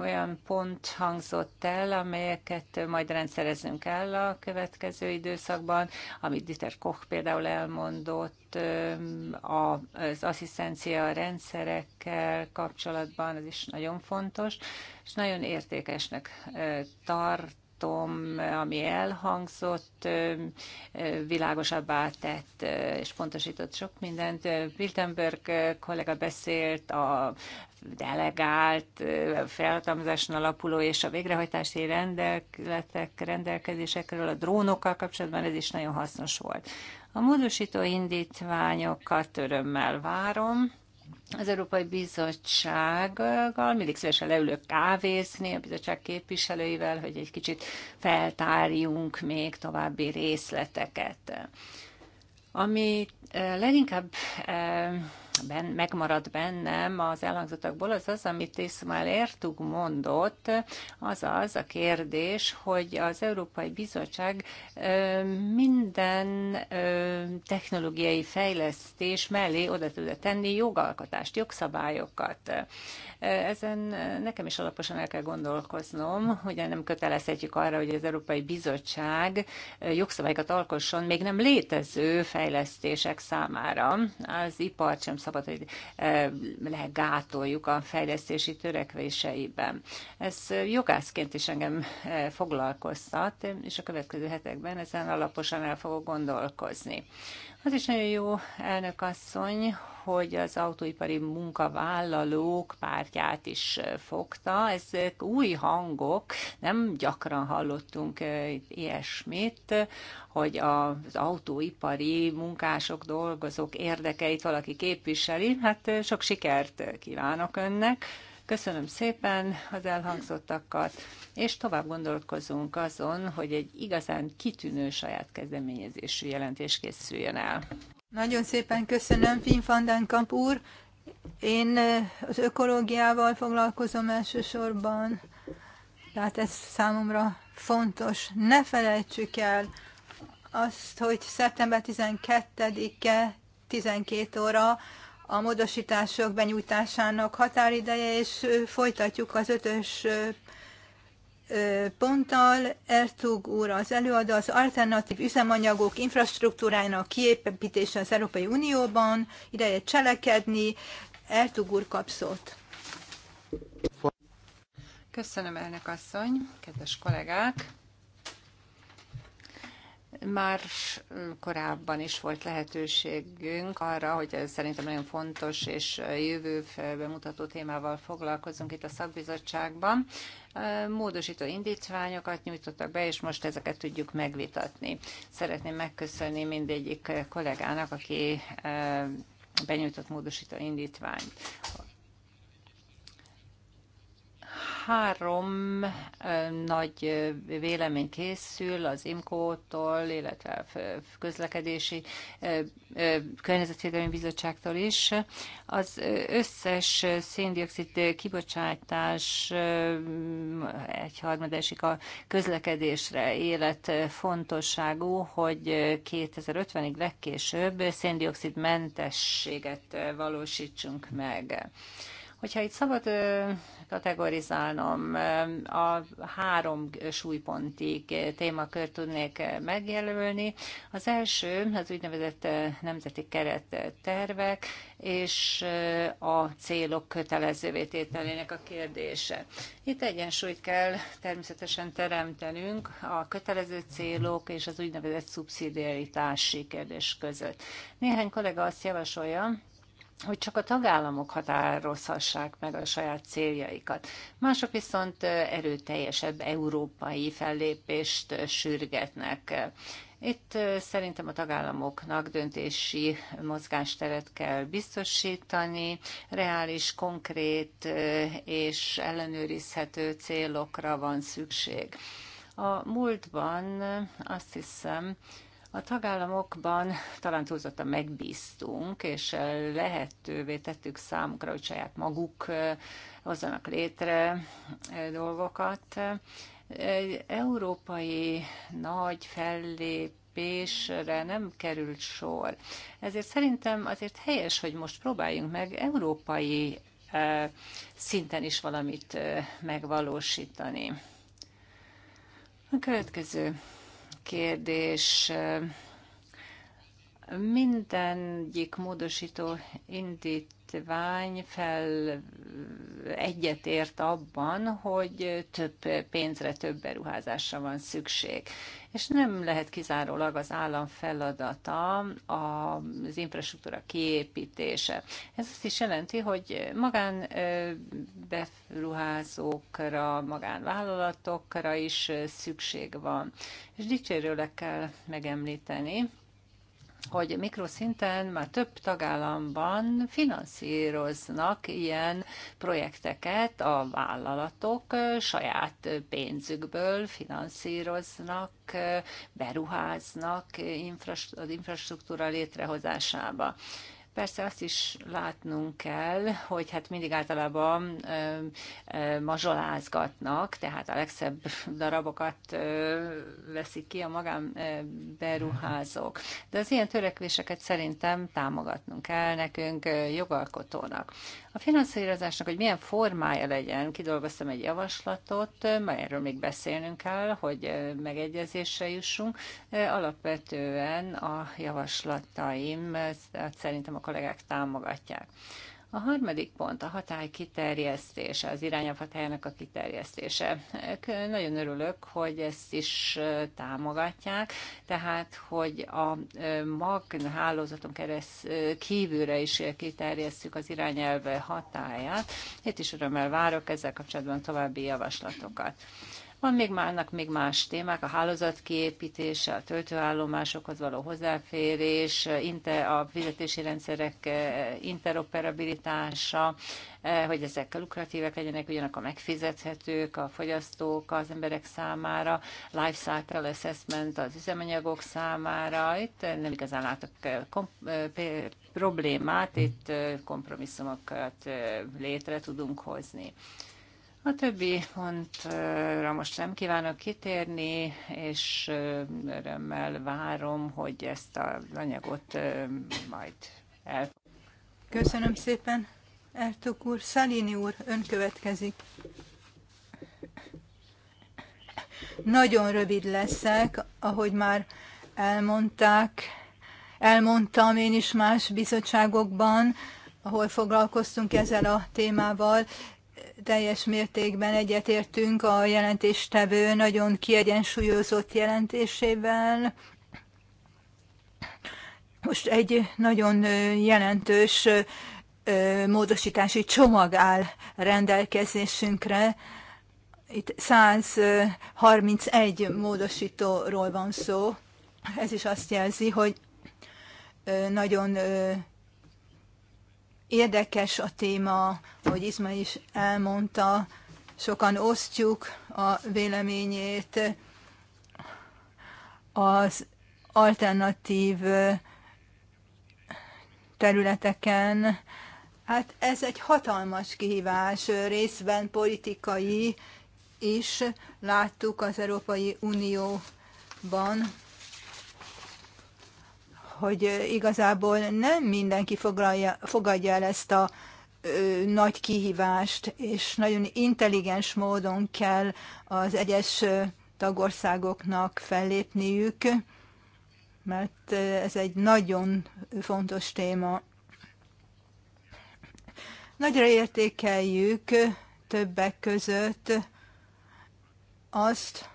olyan pont hangzott el, amelyeket majd rendszerezünk kell a következő időszakban, amit Dieter Koch például elmondott, az asszisztencia rendszerekkel kapcsolatban, ez is nagyon fontos, és nagyon értékesnek tart ami elhangzott, világosabbá tett és pontosított sok mindent. Wildenberg kollega beszélt a delegált, felhatalmazáson alapuló és a végrehajtási rendeletek, rendelkezésekről, a drónokkal kapcsolatban ez is nagyon hasznos volt. A módosító indítványokat örömmel várom. Az Európai Bizottsággal mindig szívesen leülök kávézni a bizottság képviselőivel, hogy egy kicsit feltárjunk még további részleteket. Ami leginkább ben, megmaradt bennem az elhangzottakból, az az, amit Ismail Ertug mondott, az az a kérdés, hogy az Európai Bizottság minden technológiai fejlesztés mellé oda tud tenni jogalkotást, jogszabályokat. Ezen nekem is alaposan el kell gondolkoznom, hogy nem kötelezhetjük arra, hogy az Európai Bizottság jogszabályokat alkosson még nem létező fejlesztések számára. Az ipart sem szabad, hogy e, lehet gátoljuk a fejlesztési törekvéseiben. Ez jogászként is engem e, foglalkoztat, és a következő hetekben ezen alaposan el fogok gondolkozni. Az is nagyon jó, elnök asszony, hogy az autóipari munkavállalók pártját is fogta. Ezek új hangok, nem gyakran hallottunk ilyesmit, hogy az autóipari munkások, dolgozók érdekeit valaki képviseli. Hát sok sikert kívánok önnek. Köszönöm szépen az elhangzottakat, és tovább gondolkozunk azon, hogy egy igazán kitűnő saját kezdeményezésű jelentés készüljön el. Nagyon szépen köszönöm, Finn Kamp úr. Én az ökológiával foglalkozom elsősorban, tehát ez számomra fontos. Ne felejtsük el azt, hogy szeptember 12-e 12 óra a módosítások benyújtásának határideje, és folytatjuk az ötös ponttal. Ertug úr az előadó az alternatív üzemanyagok infrastruktúrájának kiépítése az Európai Unióban, ideje cselekedni. Ertug úr kap szót. Köszönöm, elnök asszony, kedves kollégák! Már korábban is volt lehetőségünk arra, hogy ez szerintem nagyon fontos és jövő mutató témával foglalkozunk itt a szakbizottságban. Módosító indítványokat nyújtottak be, és most ezeket tudjuk megvitatni. Szeretném megköszönni mindegyik kollégának, aki eh, benyújtott módosító indítványt. Három nagy vélemény készül az IMCO-tól, illetve a közlekedési környezetvédelmi bizottságtól is. Az összes széndiokszid kibocsátás egy esik a közlekedésre élet fontosságú, hogy 2050-ig legkésőbb széndiokszidmentességet valósítsunk meg. Hogyha itt szabad kategorizálnom, a három súlypontig témakört tudnék megjelölni. Az első az úgynevezett nemzeti kerettervek és a célok kötelezővé tételének a kérdése. Itt egyensúlyt kell természetesen teremtenünk a kötelező célok és az úgynevezett szubszidiaritási kérdés között. Néhány kollega azt javasolja, hogy csak a tagállamok határozhassák meg a saját céljaikat. Mások viszont erőteljesebb európai fellépést sürgetnek. Itt szerintem a tagállamoknak döntési mozgásteret kell biztosítani, reális, konkrét és ellenőrizhető célokra van szükség. A múltban azt hiszem, a tagállamokban talán túlzottan megbíztunk, és lehetővé tettük számukra, hogy saját maguk hozzanak létre dolgokat. Egy európai nagy fellép nem került sor. Ezért szerintem azért helyes, hogy most próbáljunk meg európai szinten is valamit megvalósítani. A következő kérdés. Mindegyik módosító indítvány fel egyetért abban, hogy több pénzre, több beruházásra van szükség és nem lehet kizárólag az állam feladata az infrastruktúra kiépítése. Ez azt is jelenti, hogy magán beruházókra, magánvállalatokra is szükség van. És dicsérőleg kell megemlíteni, hogy mikroszinten már több tagállamban finanszíroznak ilyen projekteket, a vállalatok saját pénzükből finanszíroznak, beruháznak infrastruktúra létrehozásába. Persze azt is látnunk kell, hogy hát mindig általában ö, ö, mazsolázgatnak, tehát a legszebb darabokat ö, veszik ki a beruházók. De az ilyen törekvéseket szerintem támogatnunk kell nekünk jogalkotónak. A finanszírozásnak, hogy milyen formája legyen, kidolgoztam egy javaslatot, majd erről még beszélnünk kell, hogy megegyezésre jussunk. Alapvetően a javaslataim szerintem a kollégák támogatják. A harmadik pont a hatály kiterjesztése, az irányabb hatályának a kiterjesztése. Nagyon örülök, hogy ezt is támogatják, tehát, hogy a MAG hálózaton kereszt kívülre is kiterjesztjük az irányelve hatáját. Itt is örömmel várok ezzel kapcsolatban további javaslatokat. Van még márnak még más témák, a hálózat kiépítése, a töltőállomásokhoz való hozzáférés, a fizetési rendszerek eh, interoperabilitása, eh, hogy ezek lukratívek legyenek, a megfizethetők a fogyasztók az emberek számára, life cycle assessment az üzemanyagok számára. Itt nem igazán látok eh, problémát, itt kompromisszumokat létre tudunk hozni. A többi pontra most nem kívánok kitérni, és örömmel várom, hogy ezt az anyagot majd el. Köszönöm szépen, Ertuk úr. Szalini úr, ön következik. Nagyon rövid leszek, ahogy már elmondták, elmondtam én is más bizottságokban, ahol foglalkoztunk ezzel a témával teljes mértékben egyetértünk a jelentéstevő nagyon kiegyensúlyozott jelentésével. Most egy nagyon jelentős módosítási csomag áll rendelkezésünkre. Itt 131 módosítóról van szó. Ez is azt jelzi, hogy nagyon Érdekes a téma, hogy Izma is elmondta, sokan osztjuk a véleményét az alternatív területeken. Hát ez egy hatalmas kihívás, részben politikai is láttuk az Európai Unióban, hogy igazából nem mindenki foglalja, fogadja el ezt a ö, nagy kihívást, és nagyon intelligens módon kell az egyes tagországoknak fellépniük, mert ez egy nagyon fontos téma. Nagyra értékeljük többek között azt,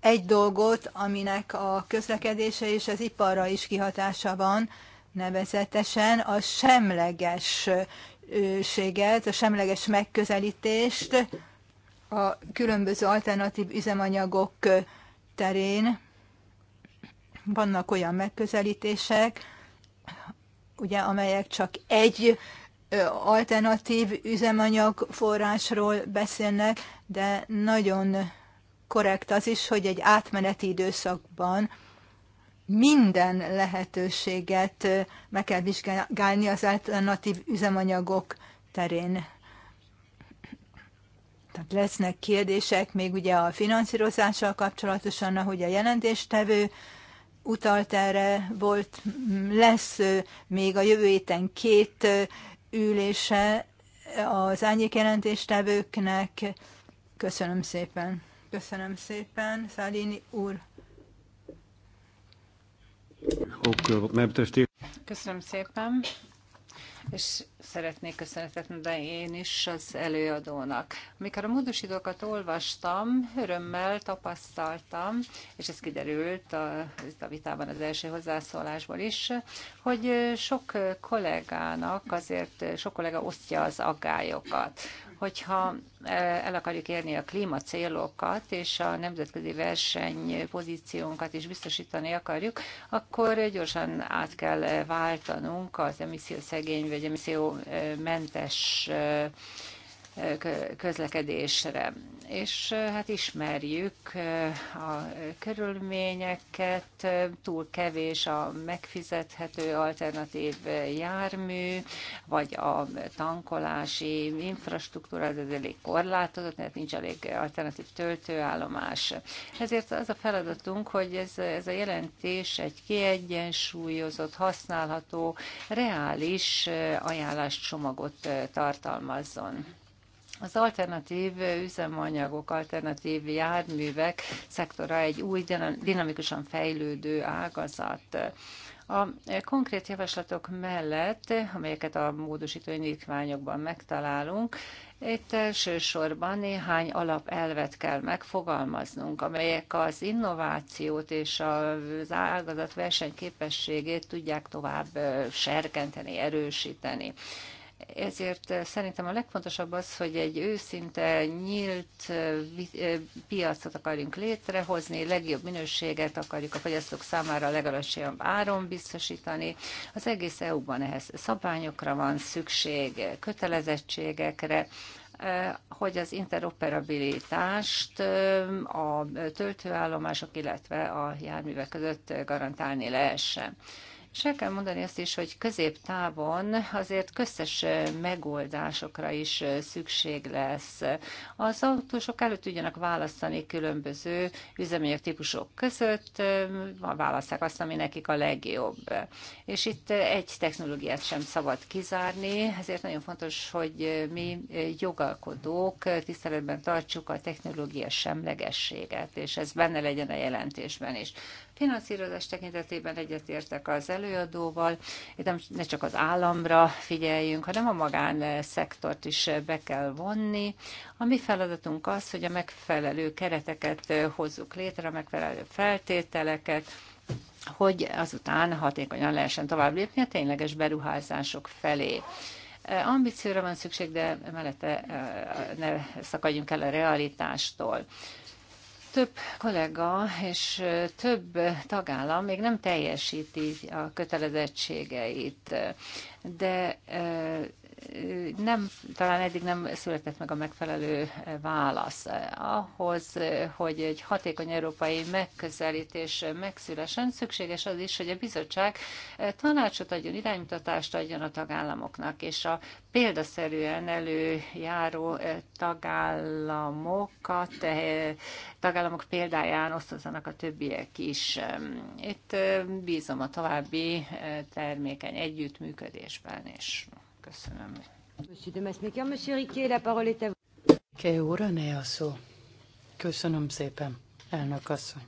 egy dolgot, aminek a közlekedése és az iparra is kihatása van, nevezetesen a semlegességet, a semleges megközelítést a különböző alternatív üzemanyagok terén. Vannak olyan megközelítések, ugye, amelyek csak egy alternatív üzemanyag forrásról beszélnek, de nagyon korrekt az is, hogy egy átmeneti időszakban minden lehetőséget meg kell vizsgálni az alternatív üzemanyagok terén. Tehát lesznek kérdések még ugye a finanszírozással kapcsolatosan, ahogy a jelentéstevő utalt erre, volt, lesz még a jövő héten két ülése az ányék jelentéstevőknek. Köszönöm szépen! Köszönöm szépen, Szálini úr. Köszönöm szépen, és szeretnék köszönetet mondani én is az előadónak. Mikor a módosítókat olvastam, örömmel tapasztaltam, és ez kiderült a, a vitában az első hozzászólásból is, hogy sok kollégának azért, sok kollega osztja az aggályokat hogyha e, el akarjuk érni a klímacélokat, és a nemzetközi verseny pozíciónkat is biztosítani akarjuk, akkor gyorsan át kell e, váltanunk az emissziószegény vagy emissziómentes e, közlekedésre. És hát ismerjük eh, a körülményeket, túl kevés a megfizethető alternatív jármű, vagy a tankolási infrastruktúra, ez elég korlátozott, mert nincs elég alternatív töltőállomás. Ezért az a feladatunk, hogy ez, ez a jelentés egy kiegyensúlyozott, használható, reális eh, csomagot eh, tartalmazzon. Az alternatív üzemanyagok, alternatív járművek szektora egy új, dinamikusan fejlődő ágazat. A konkrét javaslatok mellett, amelyeket a módosító indítványokban megtalálunk, itt elsősorban néhány alapelvet kell megfogalmaznunk, amelyek az innovációt és az ágazat versenyképességét tudják tovább serkenteni, erősíteni ezért eh, szerintem a legfontosabb az, hogy egy őszinte, nyílt eh, eh, piacot akarjunk létrehozni, legjobb minőséget akarjuk a fogyasztók számára a legalacsonyabb áron biztosítani. Az egész EU-ban ehhez szabványokra van szükség, kötelezettségekre, hogy az interoperabilitást a töltőállomások, illetve a járművek között garantálni lehessen. És el kell mondani azt is, hogy középtávon azért köztes megoldásokra is szükség lesz. Az autósok előtt tudjanak választani különböző üzemanyag típusok között, választák azt, ami nekik a legjobb. És itt egy technológiát sem szabad kizárni, ezért nagyon fontos, hogy mi jogalkodók tiszteletben tartsuk a technológia semlegességet, és ez benne legyen a jelentésben is. Finanszírozás tekintetében egyetértek az előadóval, itt nem, ne csak az államra figyeljünk, hanem a magánszektort is be kell vonni. A mi feladatunk az, hogy a megfelelő kereteket hozzuk létre, a megfelelő feltételeket, hogy azután hatékonyan lehessen tovább lépni a tényleges beruházások felé. Ambícióra van szükség, de mellette eh, ne szakadjunk el a realitástól. Több kollega és több tagállam még nem teljesíti a kötelezettségeit, de nem, talán eddig nem született meg a megfelelő válasz ahhoz, hogy egy hatékony európai megközelítés megszülesen szükséges az is, hogy a bizottság tanácsot adjon, iránymutatást adjon a tagállamoknak, és a példaszerűen előjáró tagállamokat, tagállamok példáján osztozanak a többiek is. Itt bízom a további termékeny együttműködésben is. Köszönöm. Monsieur de Masmaker, Monsieur Riquet, la parole est à vous. Ke a szó. Köszönöm szépen, elnök asszony.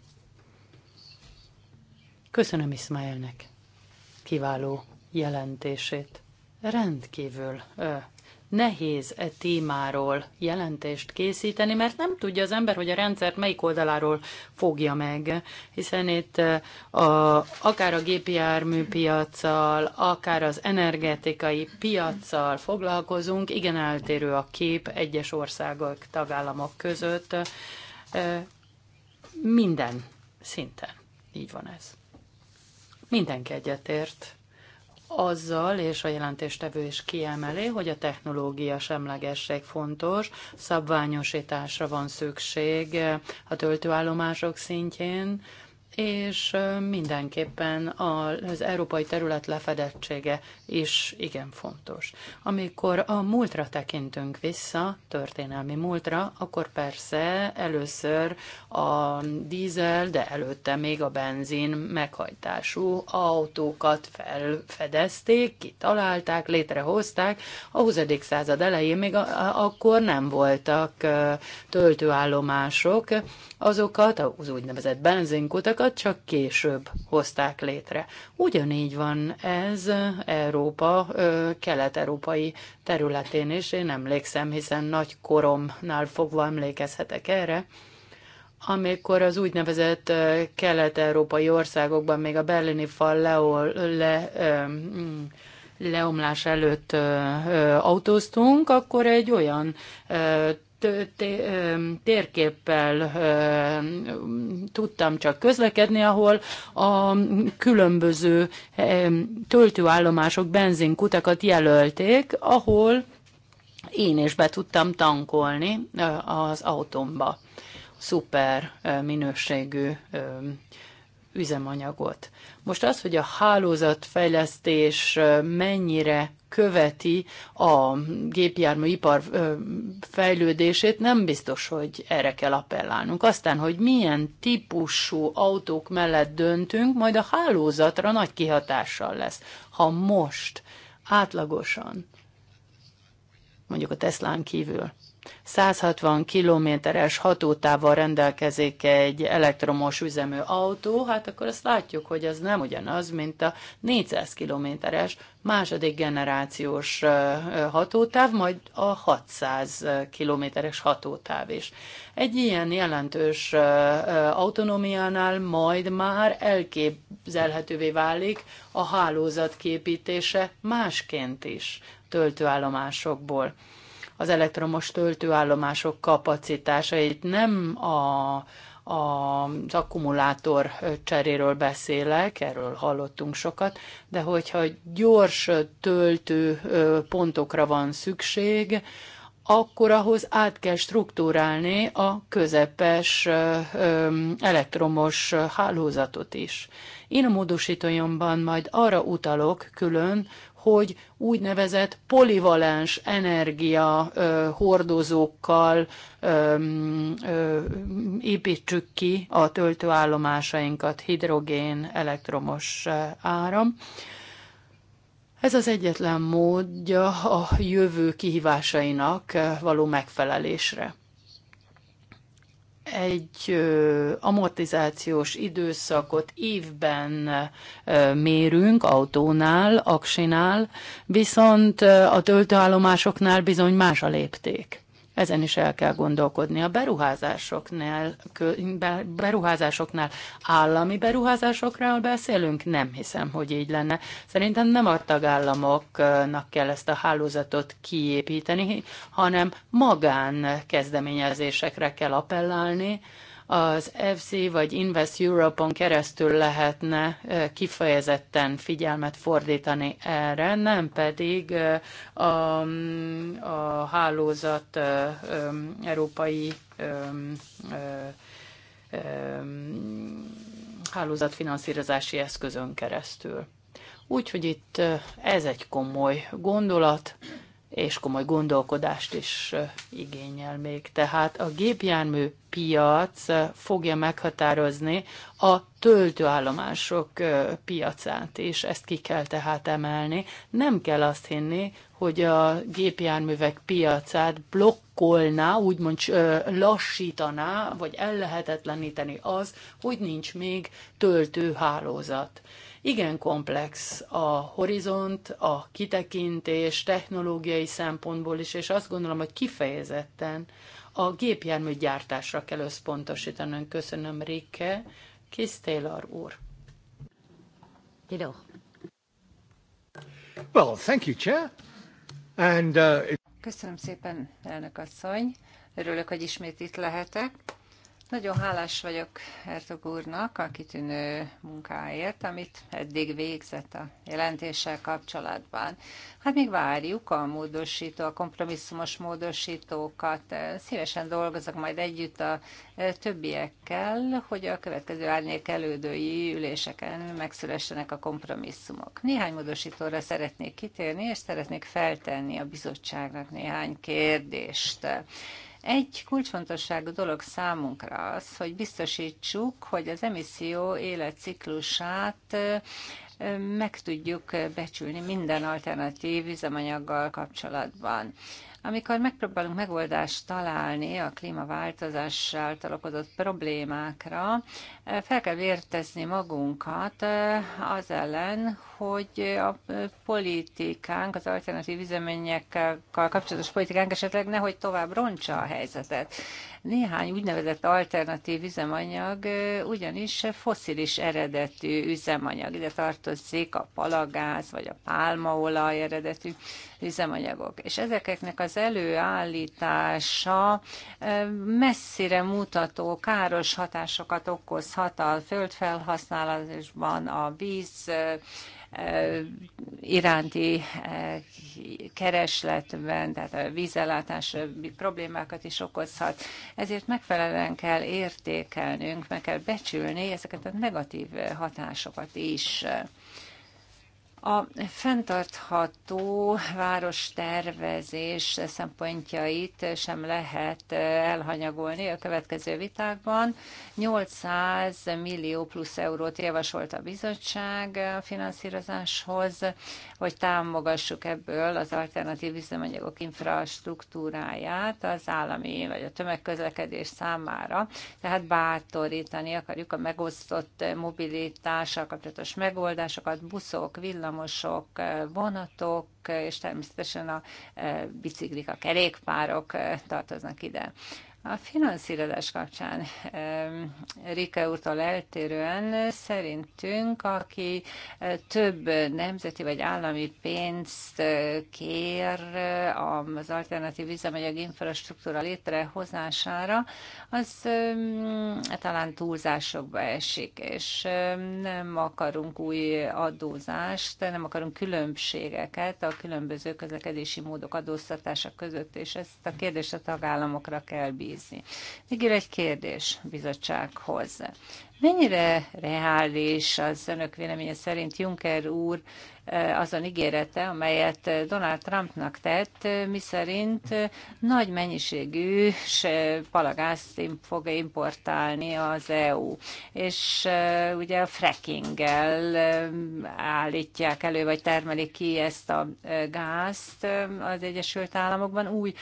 Köszönöm Ismaelnek kiváló jelentését. Rendkívül ö, nehéz e témáról jelentést készíteni, mert nem tudja az ember, hogy a rendszert melyik oldaláról fogja meg, hiszen itt e, a, akár a gépi járműpiacsal, akár az energetikai piaccal foglalkozunk, igen eltérő a kép egyes országok, tagállamok között, e, minden szinten. Így van ez. Mindenki egyetért azzal, és a jelentéstevő is kiemeli, hogy a technológia semlegesség fontos, szabványosításra van szükség a töltőállomások szintjén, és mindenképpen az európai terület lefedettsége is igen fontos. Amikor a múltra tekintünk vissza, történelmi múltra, akkor persze először a dízel, de előtte még a benzin meghajtású autókat felfedezték, kitalálták, létrehozták. A 20. század elején még akkor nem voltak töltőállomások, azokat az úgynevezett benzinkutakat azokat csak később hozták létre. Ugyanígy van ez Európa, kelet-európai területén is, én emlékszem, hiszen nagy koromnál fogva emlékezhetek erre, amikor az úgynevezett kelet-európai országokban még a berlini fal leol, le, leomlás előtt autóztunk, akkor egy olyan térképpel tudtam csak közlekedni, ahol a különböző töltőállomások, benzinkutakat jelölték, ahol én is be tudtam tankolni az autómba szuper minőségű üzemanyagot. Most az, hogy a hálózatfejlesztés mennyire követi a gépjárműipar fejlődését, nem biztos, hogy erre kell appellálnunk. Aztán, hogy milyen típusú autók mellett döntünk, majd a hálózatra nagy kihatással lesz. Ha most átlagosan, mondjuk a Teslán kívül, 160 kilométeres hatótával rendelkezik egy elektromos üzemű autó, hát akkor azt látjuk, hogy az nem ugyanaz, mint a 400 kilométeres második generációs hatótáv, majd a 600 kilométeres hatótáv is. Egy ilyen jelentős autonómiánál majd már elképzelhetővé válik a hálózat képítése másként is töltőállomásokból az elektromos töltőállomások kapacitásait. Nem a, a, az akkumulátor cseréről beszélek, erről hallottunk sokat, de hogyha gyors töltő pontokra van szükség, akkor ahhoz át kell struktúrálni a közepes elektromos hálózatot is. Én a módosítójomban majd arra utalok külön, hogy úgynevezett polivalens energia ö, hordozókkal ö, ö, építsük ki a töltőállomásainkat, hidrogén, elektromos áram. Ez az egyetlen módja a jövő kihívásainak való megfelelésre egy amortizációs időszakot évben mérünk autónál, aksinál, viszont a töltőállomásoknál bizony más a lépték ezen is el kell gondolkodni. A beruházásoknál, beruházásoknál állami beruházásokról beszélünk? Nem hiszem, hogy így lenne. Szerintem nem a tagállamoknak kell ezt a hálózatot kiépíteni, hanem magán kezdeményezésekre kell appellálni, az FC vagy Invest Europe-on keresztül lehetne kifejezetten figyelmet fordítani erre, nem pedig a, a hálózat európai hálózatfinanszírozási eszközön keresztül. Úgyhogy itt ez egy komoly gondolat, és komoly gondolkodást is igényel még. Tehát a gépjármű piac fogja meghatározni a töltőállomások piacát, és ezt ki kell tehát emelni. Nem kell azt hinni, hogy a gépjárművek piacát blokkolná, úgymond lassítaná, vagy ellehetetleníteni az, hogy nincs még töltőhálózat. Igen komplex a horizont, a kitekintés technológiai szempontból is, és azt gondolom, hogy kifejezetten a gépjárműgyártásra kell összpontosítanunk. Köszönöm, Rikke. Kis Taylor úr. Hello. Well, thank you, Chair. Uh, Köszönöm szépen, elnök asszony. Örülök, hogy ismét itt lehetek. Nagyon hálás vagyok Ertog úrnak a kitűnő munkáért, amit eddig végzett a jelentéssel kapcsolatban. Hát még várjuk a módosító, a kompromisszumos módosítókat. Szívesen dolgozok majd együtt a többiekkel, hogy a következő árnyék elődői üléseken megszülessenek a kompromisszumok. Néhány módosítóra szeretnék kitérni, és szeretnék feltenni a bizottságnak néhány kérdést egy kulcsfontosságú dolog számunkra az, hogy biztosítsuk, hogy az emisszió életciklusát meg tudjuk becsülni minden alternatív üzemanyaggal kapcsolatban. Amikor megpróbálunk megoldást találni a klímaváltozás által okozott problémákra, eh, fel kell vértezni magunkat eh, az ellen, hogy a eh, politikánk, az alternatív üzeményekkel kapcsolatos politikánk esetleg nehogy tovább roncsa a helyzetet. Néhány úgynevezett alternatív üzemanyag ugyanis foszilis eredetű üzemanyag. Ide tartozik a palagáz vagy a pálmaolaj eredetű üzemanyagok. És ezeknek az előállítása messzire mutató káros hatásokat okozhat a földfelhasználásban, a víz iránti eh, keresletben, tehát a vízellátás eh, problémákat is okozhat. Ezért megfelelően kell értékelnünk, meg kell becsülni ezeket a negatív eh, hatásokat is. A fenntartható várostervezés szempontjait sem lehet elhanyagolni a következő vitákban. 800 millió plusz eurót javasolt a bizottság a finanszírozáshoz, hogy támogassuk ebből az alternatív üzemanyagok infrastruktúráját az állami vagy a tömegközlekedés számára. Tehát bátorítani akarjuk a megosztott mobilitással kapcsolatos megoldásokat, buszok, villamos, villamosok, vonatok, és természetesen a biciklik, a kerékpárok tartoznak ide. A finanszírozás kapcsán Rike úrtól eltérően szerintünk, aki e, több nemzeti vagy állami pénzt e, kér e, az alternatív üzemanyag infrastruktúra létrehozására, az talán túlzásokba esik, és nem akarunk új adózást, nem akarunk különbségeket a különböző közlekedési módok adóztatása között, és ezt a kérdést a tagállamokra kell bírni bízni. Végül egy kérdés bizottsághoz. Mennyire reális az önök véleménye szerint Juncker úr azon ígérete, amelyet Donald Trumpnak tett, miszerint nagy mennyiségű palagázt fog importálni az EU. És ugye a frackinggel állítják elő, vagy termelik ki ezt a gázt az Egyesült Államokban. Új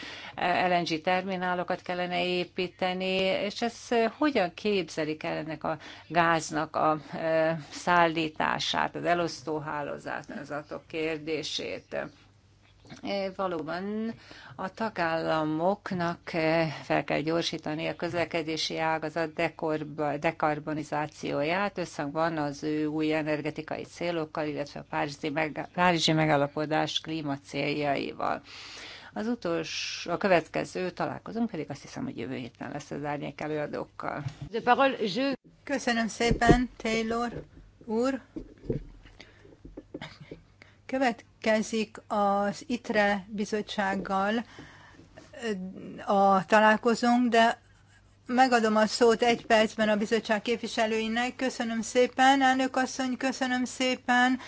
LNG terminálokat kellene építeni, és ez hogyan képzelik el ennek a gáznak a szállítását, az elosztóhálózat, kormányzatok kérdését. E, valóban a tagállamoknak e, fel kell gyorsítani a közlekedési ágazat dekarbonizációját, összhangban az ő új energetikai célokkal, illetve a Párizsi, meg, Párizsi megállapodás céljaival. Az utolsó, a következő találkozunk pedig azt hiszem, hogy jövő héten lesz az árnyék előadókkal. Köszönöm szépen, Taylor úr. Következik az ITRE bizottsággal a találkozónk, de megadom a szót egy percben a bizottság képviselőinek. Köszönöm szépen, elnök asszony, köszönöm szépen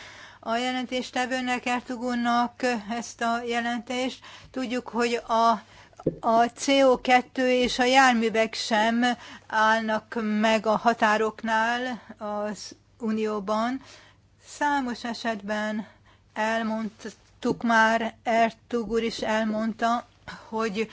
a jelentéstevőnek, Ertugónak ezt a jelentést. Tudjuk, hogy a a CO2 és a járművek sem állnak meg a határoknál az Unióban. Számos esetben elmondtuk már, Ertug úr is elmondta, hogy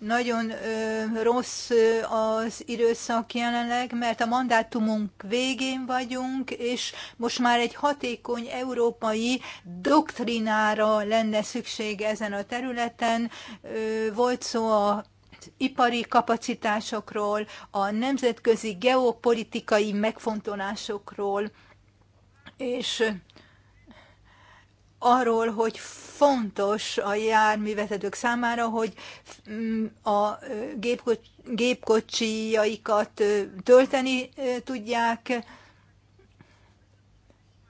nagyon ö, rossz ö, az időszak jelenleg, mert a mandátumunk végén vagyunk, és most már egy hatékony európai doktrinára lenne szükség ezen a területen. Ö, volt szó a ipari kapacitásokról, a nemzetközi geopolitikai megfontolásokról, és arról, hogy fontos a járművezetők számára, hogy mm, a gépkocsijaikat tölteni tudják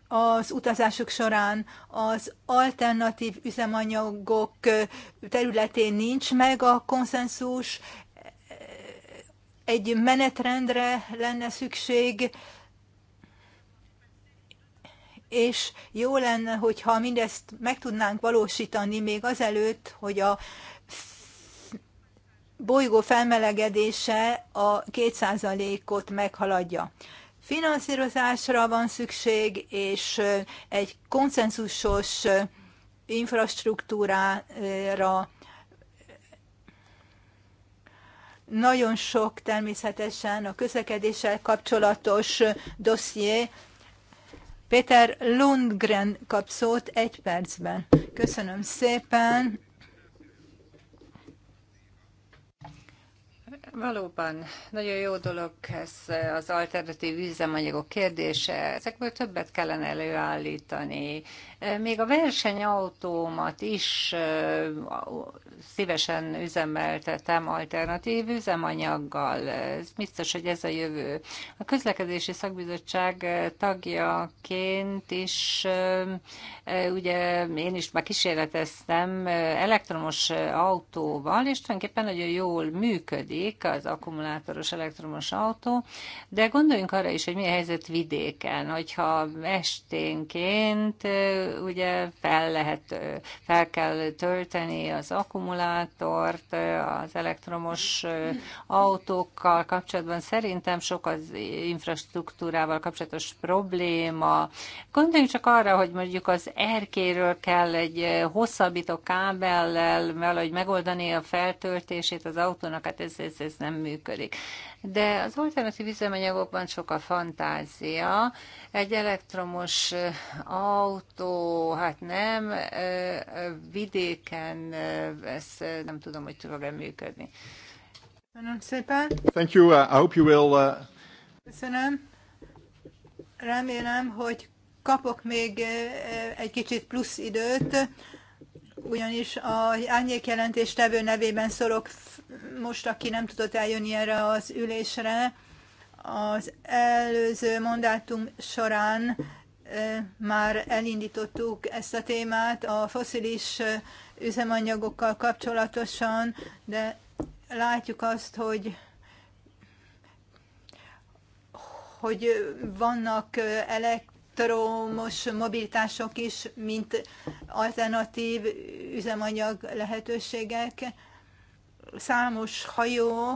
az utazások során. Az alternatív üzemanyagok területén nincs meg a konszenzus, egy menetrendre lenne szükség, és jó lenne, hogyha mindezt meg tudnánk valósítani még azelőtt, hogy a bolygó felmelegedése a 2%-ot meghaladja. Finanszírozásra van szükség, és egy konszenzusos infrastruktúrára nagyon sok természetesen a közlekedéssel kapcsolatos dosszié Péter Lundgren kap szót egy percben. Köszönöm szépen. Valóban, nagyon jó dolog ez az alternatív üzemanyagok kérdése. Ezekből többet kellene előállítani, még a versenyautómat is szívesen üzemeltetem alternatív üzemanyaggal. Ez biztos, hogy ez a jövő. A közlekedési szakbizottság tagjaként is, ugye én is már kísérleteztem elektromos autóval, és tulajdonképpen nagyon jól működik az akkumulátoros elektromos autó, de gondoljunk arra is, hogy mi a helyzet vidéken, hogyha esténként ugye fel lehet, fel kell tölteni az akkumulátort, az elektromos autókkal kapcsolatban szerintem sok az infrastruktúrával kapcsolatos probléma. Gondoljunk csak arra, hogy mondjuk az erkéről kell egy hosszabbító kábellel valahogy megoldani a feltöltését az autónak, hát ez, ez, ez nem működik de az alternatív üzemanyagokban sok a fantázia. Egy elektromos autó, hát nem, vidéken ezt nem tudom, hogy tudok e működni. Köszönöm szépen. Thank you. Uh, I hope you will... Uh... Köszönöm. Remélem, hogy kapok még egy kicsit plusz időt ugyanis a jelentés tevő nevében szólok most, aki nem tudott eljönni erre az ülésre. Az előző mandátum során már elindítottuk ezt a témát a foszilis üzemanyagokkal kapcsolatosan, de látjuk azt, hogy hogy vannak elek, elektromos mobilitások is, mint alternatív üzemanyag lehetőségek. Számos hajó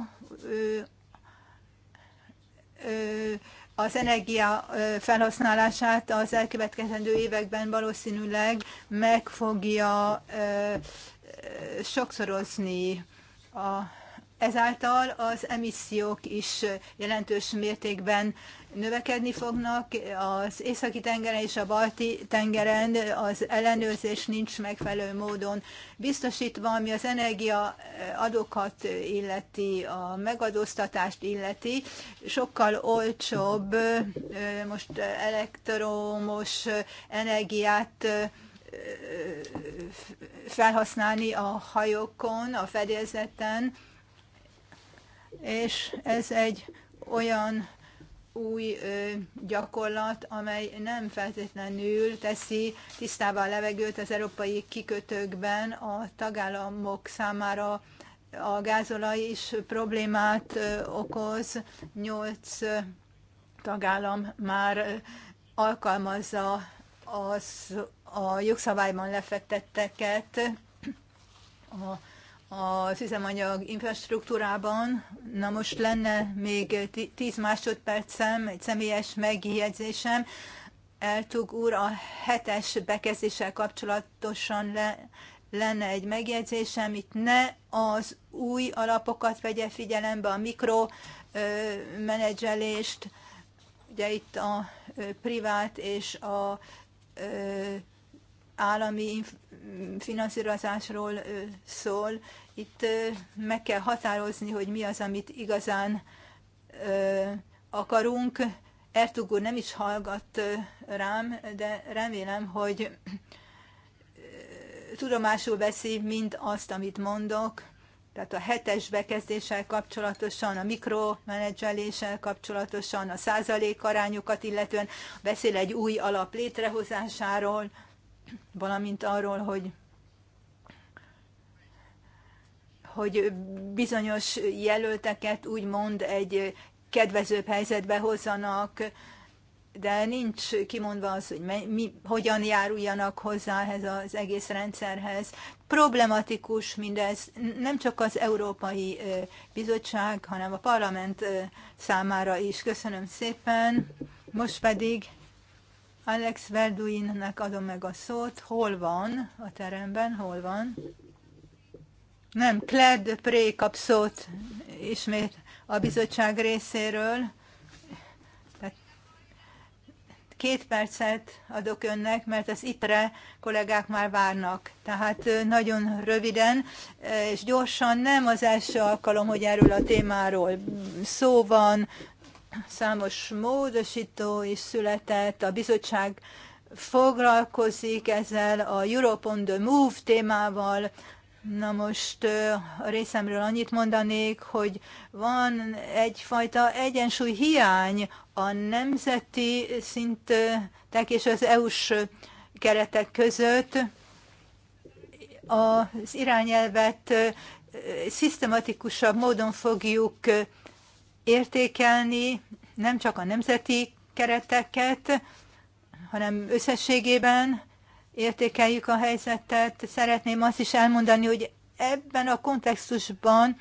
az energia felhasználását az elkövetkezendő években valószínűleg meg fogja sokszorozni a Ezáltal az emissziók is jelentős mértékben növekedni fognak. Az északi tengeren és a balti tengeren az ellenőrzés nincs megfelelő módon biztosítva, ami az energia adókat illeti, a megadóztatást illeti. Sokkal olcsóbb most elektromos energiát felhasználni a hajókon, a fedélzeten, és ez egy olyan új ö, gyakorlat, amely nem feltétlenül teszi tisztába a levegőt az európai kikötőkben a tagállamok számára a gázolaj is problémát ö, okoz. Nyolc ö, tagállam már ö, alkalmazza az, a jogszabályban lefektetteket a az üzemanyag infrastruktúrában. Na most lenne még 10 másodpercem, egy személyes megjegyzésem. Eltug úr, a hetes bekezdéssel kapcsolatosan le, lenne egy megjegyzésem, itt ne az új alapokat vegye figyelembe, a menedzselést, ugye itt a ö, privát és a ö, állami finanszírozásról szól. Itt meg kell határozni, hogy mi az, amit igazán akarunk. Ertug úr nem is hallgat rám, de remélem, hogy tudomásul veszi mind azt, amit mondok, tehát a hetes bekezdéssel kapcsolatosan, a mikromenedzseléssel kapcsolatosan, a százalékarányokat illetően beszél egy új alap létrehozásáról, valamint arról, hogy hogy bizonyos jelölteket úgymond egy kedvezőbb helyzetbe hozzanak, de nincs kimondva az, hogy mi, hogyan járuljanak hozzá ehhez az egész rendszerhez. Problematikus mindez nem csak az Európai Bizottság, hanem a parlament számára is. Köszönöm szépen. Most pedig Alex Verduinnek adom meg a szót. Hol van a teremben? Hol van? Nem, Kled Pré kap szót ismét a bizottság részéről. két percet adok önnek, mert az ittre kollégák már várnak. Tehát nagyon röviden és gyorsan, nem az első alkalom, hogy erről a témáról szó van, Számos módosító is született, a bizottság foglalkozik ezzel a Europe on the Move témával. Na most a részemről annyit mondanék, hogy van egyfajta egyensúly hiány a nemzeti szintek és az EU-s keretek között. Az irányelvet szisztematikusabb módon fogjuk értékelni nem csak a nemzeti kereteket, hanem összességében értékeljük a helyzetet. Szeretném azt is elmondani, hogy ebben a kontextusban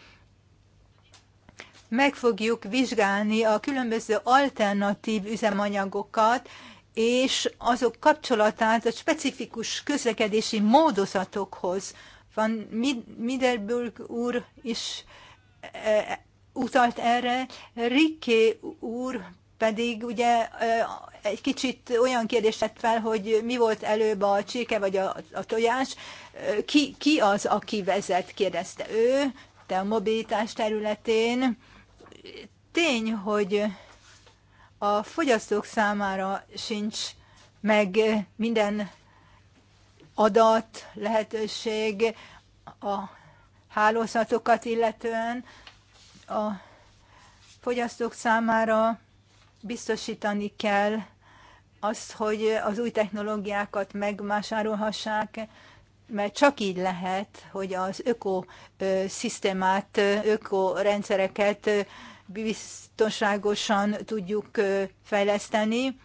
meg fogjuk vizsgálni a különböző alternatív üzemanyagokat, és azok kapcsolatát a specifikus közlekedési módozatokhoz. Van Midelburg úr is eh, utalt erre, Riké úr pedig ugye egy kicsit olyan kérdést tett fel, hogy mi volt előbb a csirke vagy a, a tojás, ki, ki az, aki vezet, kérdezte ő, te a mobilitás területén. Tény, hogy a fogyasztók számára sincs meg minden adat, lehetőség a hálózatokat illetően, a fogyasztók számára biztosítani kell azt, hogy az új technológiákat megvásárolhassák, mert csak így lehet, hogy az ökoszisztémát, ökorendszereket biztonságosan tudjuk fejleszteni.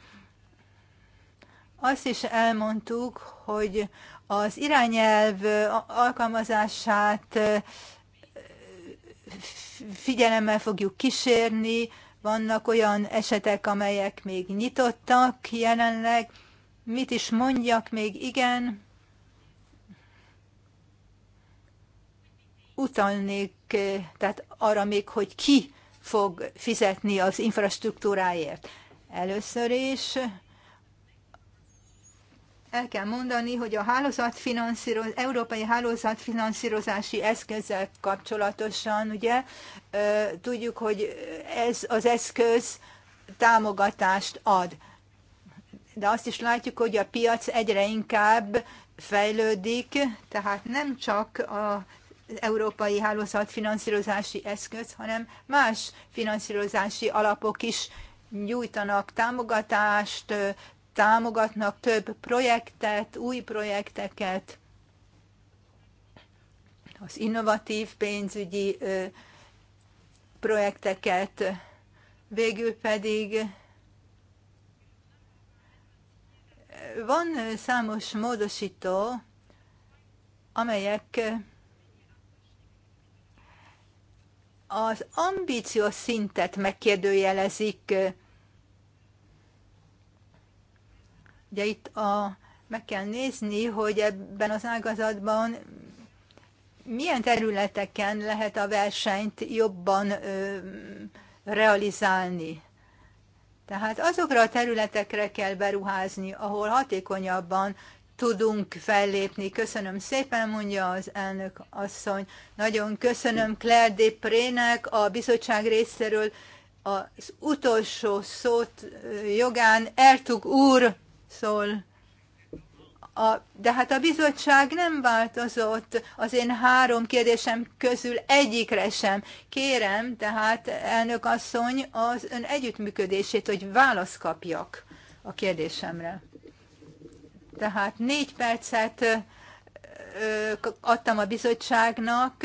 Azt is elmondtuk, hogy az irányelv alkalmazását figyelemmel fogjuk kísérni, vannak olyan esetek, amelyek még nyitottak jelenleg. Mit is mondjak még? Igen, utalnék, tehát arra még, hogy ki fog fizetni az infrastruktúráért. Először is el kell mondani, hogy a hálózatfinanszíroz, európai hálózatfinanszírozási eszközzel kapcsolatosan, ugye, tudjuk, hogy ez az eszköz támogatást ad. De azt is látjuk, hogy a piac egyre inkább fejlődik, tehát nem csak a európai hálózat finanszírozási eszköz, hanem más finanszírozási alapok is nyújtanak támogatást, támogatnak több projektet, új projekteket, az innovatív pénzügyi projekteket, végül pedig van számos módosító, amelyek az ambíciós szintet megkérdőjelezik Ugye itt a, meg kell nézni, hogy ebben az ágazatban milyen területeken lehet a versenyt jobban ö, realizálni. Tehát azokra a területekre kell beruházni, ahol hatékonyabban tudunk fellépni. Köszönöm szépen, mondja az elnök asszony. Nagyon köszönöm Claire Deprének a bizottság részéről az utolsó szót jogán. Ertug úr! szól. A, de hát a bizottság nem változott az én három kérdésem közül egyikre sem. Kérem tehát, elnök asszony, az ön együttműködését, hogy választ kapjak a kérdésemre. Tehát négy percet ö, adtam a bizottságnak,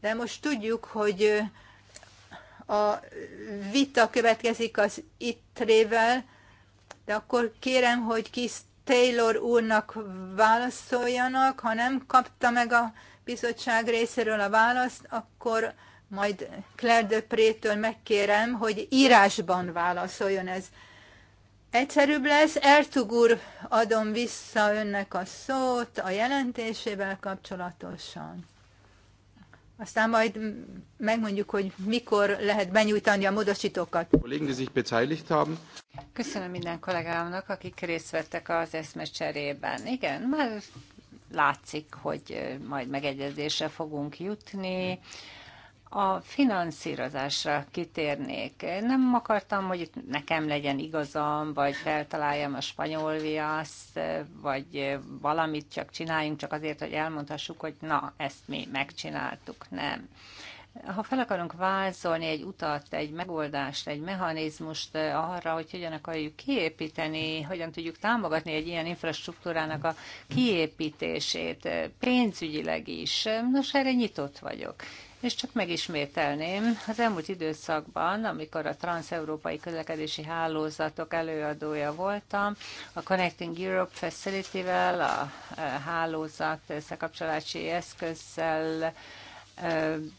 de most tudjuk, hogy a vita következik az ittrével, de akkor kérem, hogy kis Taylor úrnak válaszoljanak. Ha nem kapta meg a bizottság részéről a választ, akkor majd Claire de Prétől megkérem, hogy írásban válaszoljon ez. Egyszerűbb lesz, Ertug úr, adom vissza önnek a szót a jelentésével kapcsolatosan. Aztán majd megmondjuk, hogy mikor lehet benyújtani a módosítókat. Köszönöm minden kollégámnak, akik részt vettek az eszmecserében. Igen, már látszik, hogy majd megegyezésre fogunk jutni. Mm a finanszírozásra kitérnék. Nem akartam, hogy itt nekem legyen igazam, vagy feltaláljam a spanyol viaszt, vagy valamit csak csináljunk, csak azért, hogy elmondhassuk, hogy na, ezt mi megcsináltuk. Nem ha fel akarunk vázolni egy utat, egy megoldást, egy mechanizmust arra, hogy hogyan akarjuk kiépíteni, hogyan tudjuk támogatni egy ilyen infrastruktúrának a kiépítését, pénzügyileg is, nos, erre nyitott vagyok. És csak megismételném, az elmúlt időszakban, amikor a transeurópai közlekedési hálózatok előadója voltam, a Connecting Europe Facility-vel, a eh, hálózat összekapcsolási eszközzel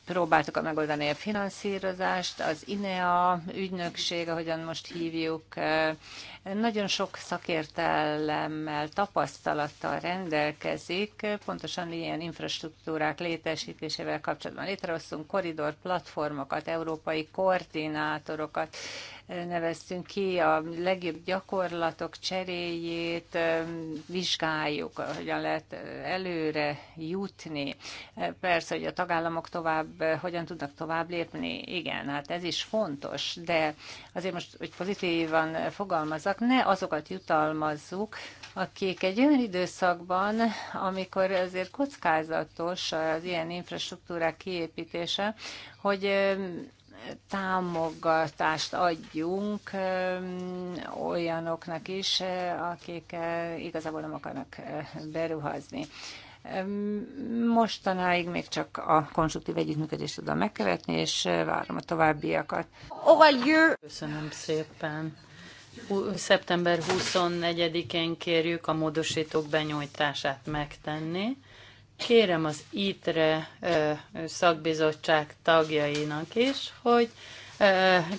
próbáltuk megoldani a finanszírozást, az INEA ügynökség, ahogyan most hívjuk, nagyon sok szakértelemmel, tapasztalattal rendelkezik, pontosan ilyen infrastruktúrák létesítésével kapcsolatban létrehoztunk koridor platformokat, európai koordinátorokat, neveztünk ki, a legjobb gyakorlatok cseréjét vizsgáljuk, hogyan lehet előre jutni. Persze, hogy a tagállamok tovább, hogyan tudnak tovább lépni, igen, hát ez is fontos, de azért most, hogy pozitívan fogalmazzak, ne azokat jutalmazzuk, akik egy olyan időszakban, amikor azért kockázatos az ilyen infrastruktúrák kiépítése, hogy támogatást adjunk olyanoknak is, akik igazából nem akarnak beruházni. Mostanáig még csak a konstruktív együttműködést tudom megkövetni, és várom a továbbiakat. Köszönöm szépen! Szeptember 24-én kérjük a módosítók benyújtását megtenni kérem az ITRE szakbizottság tagjainak is, hogy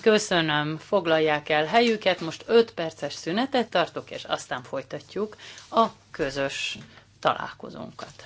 köszönöm, foglalják el helyüket, most 5 perces szünetet tartok, és aztán folytatjuk a közös találkozónkat.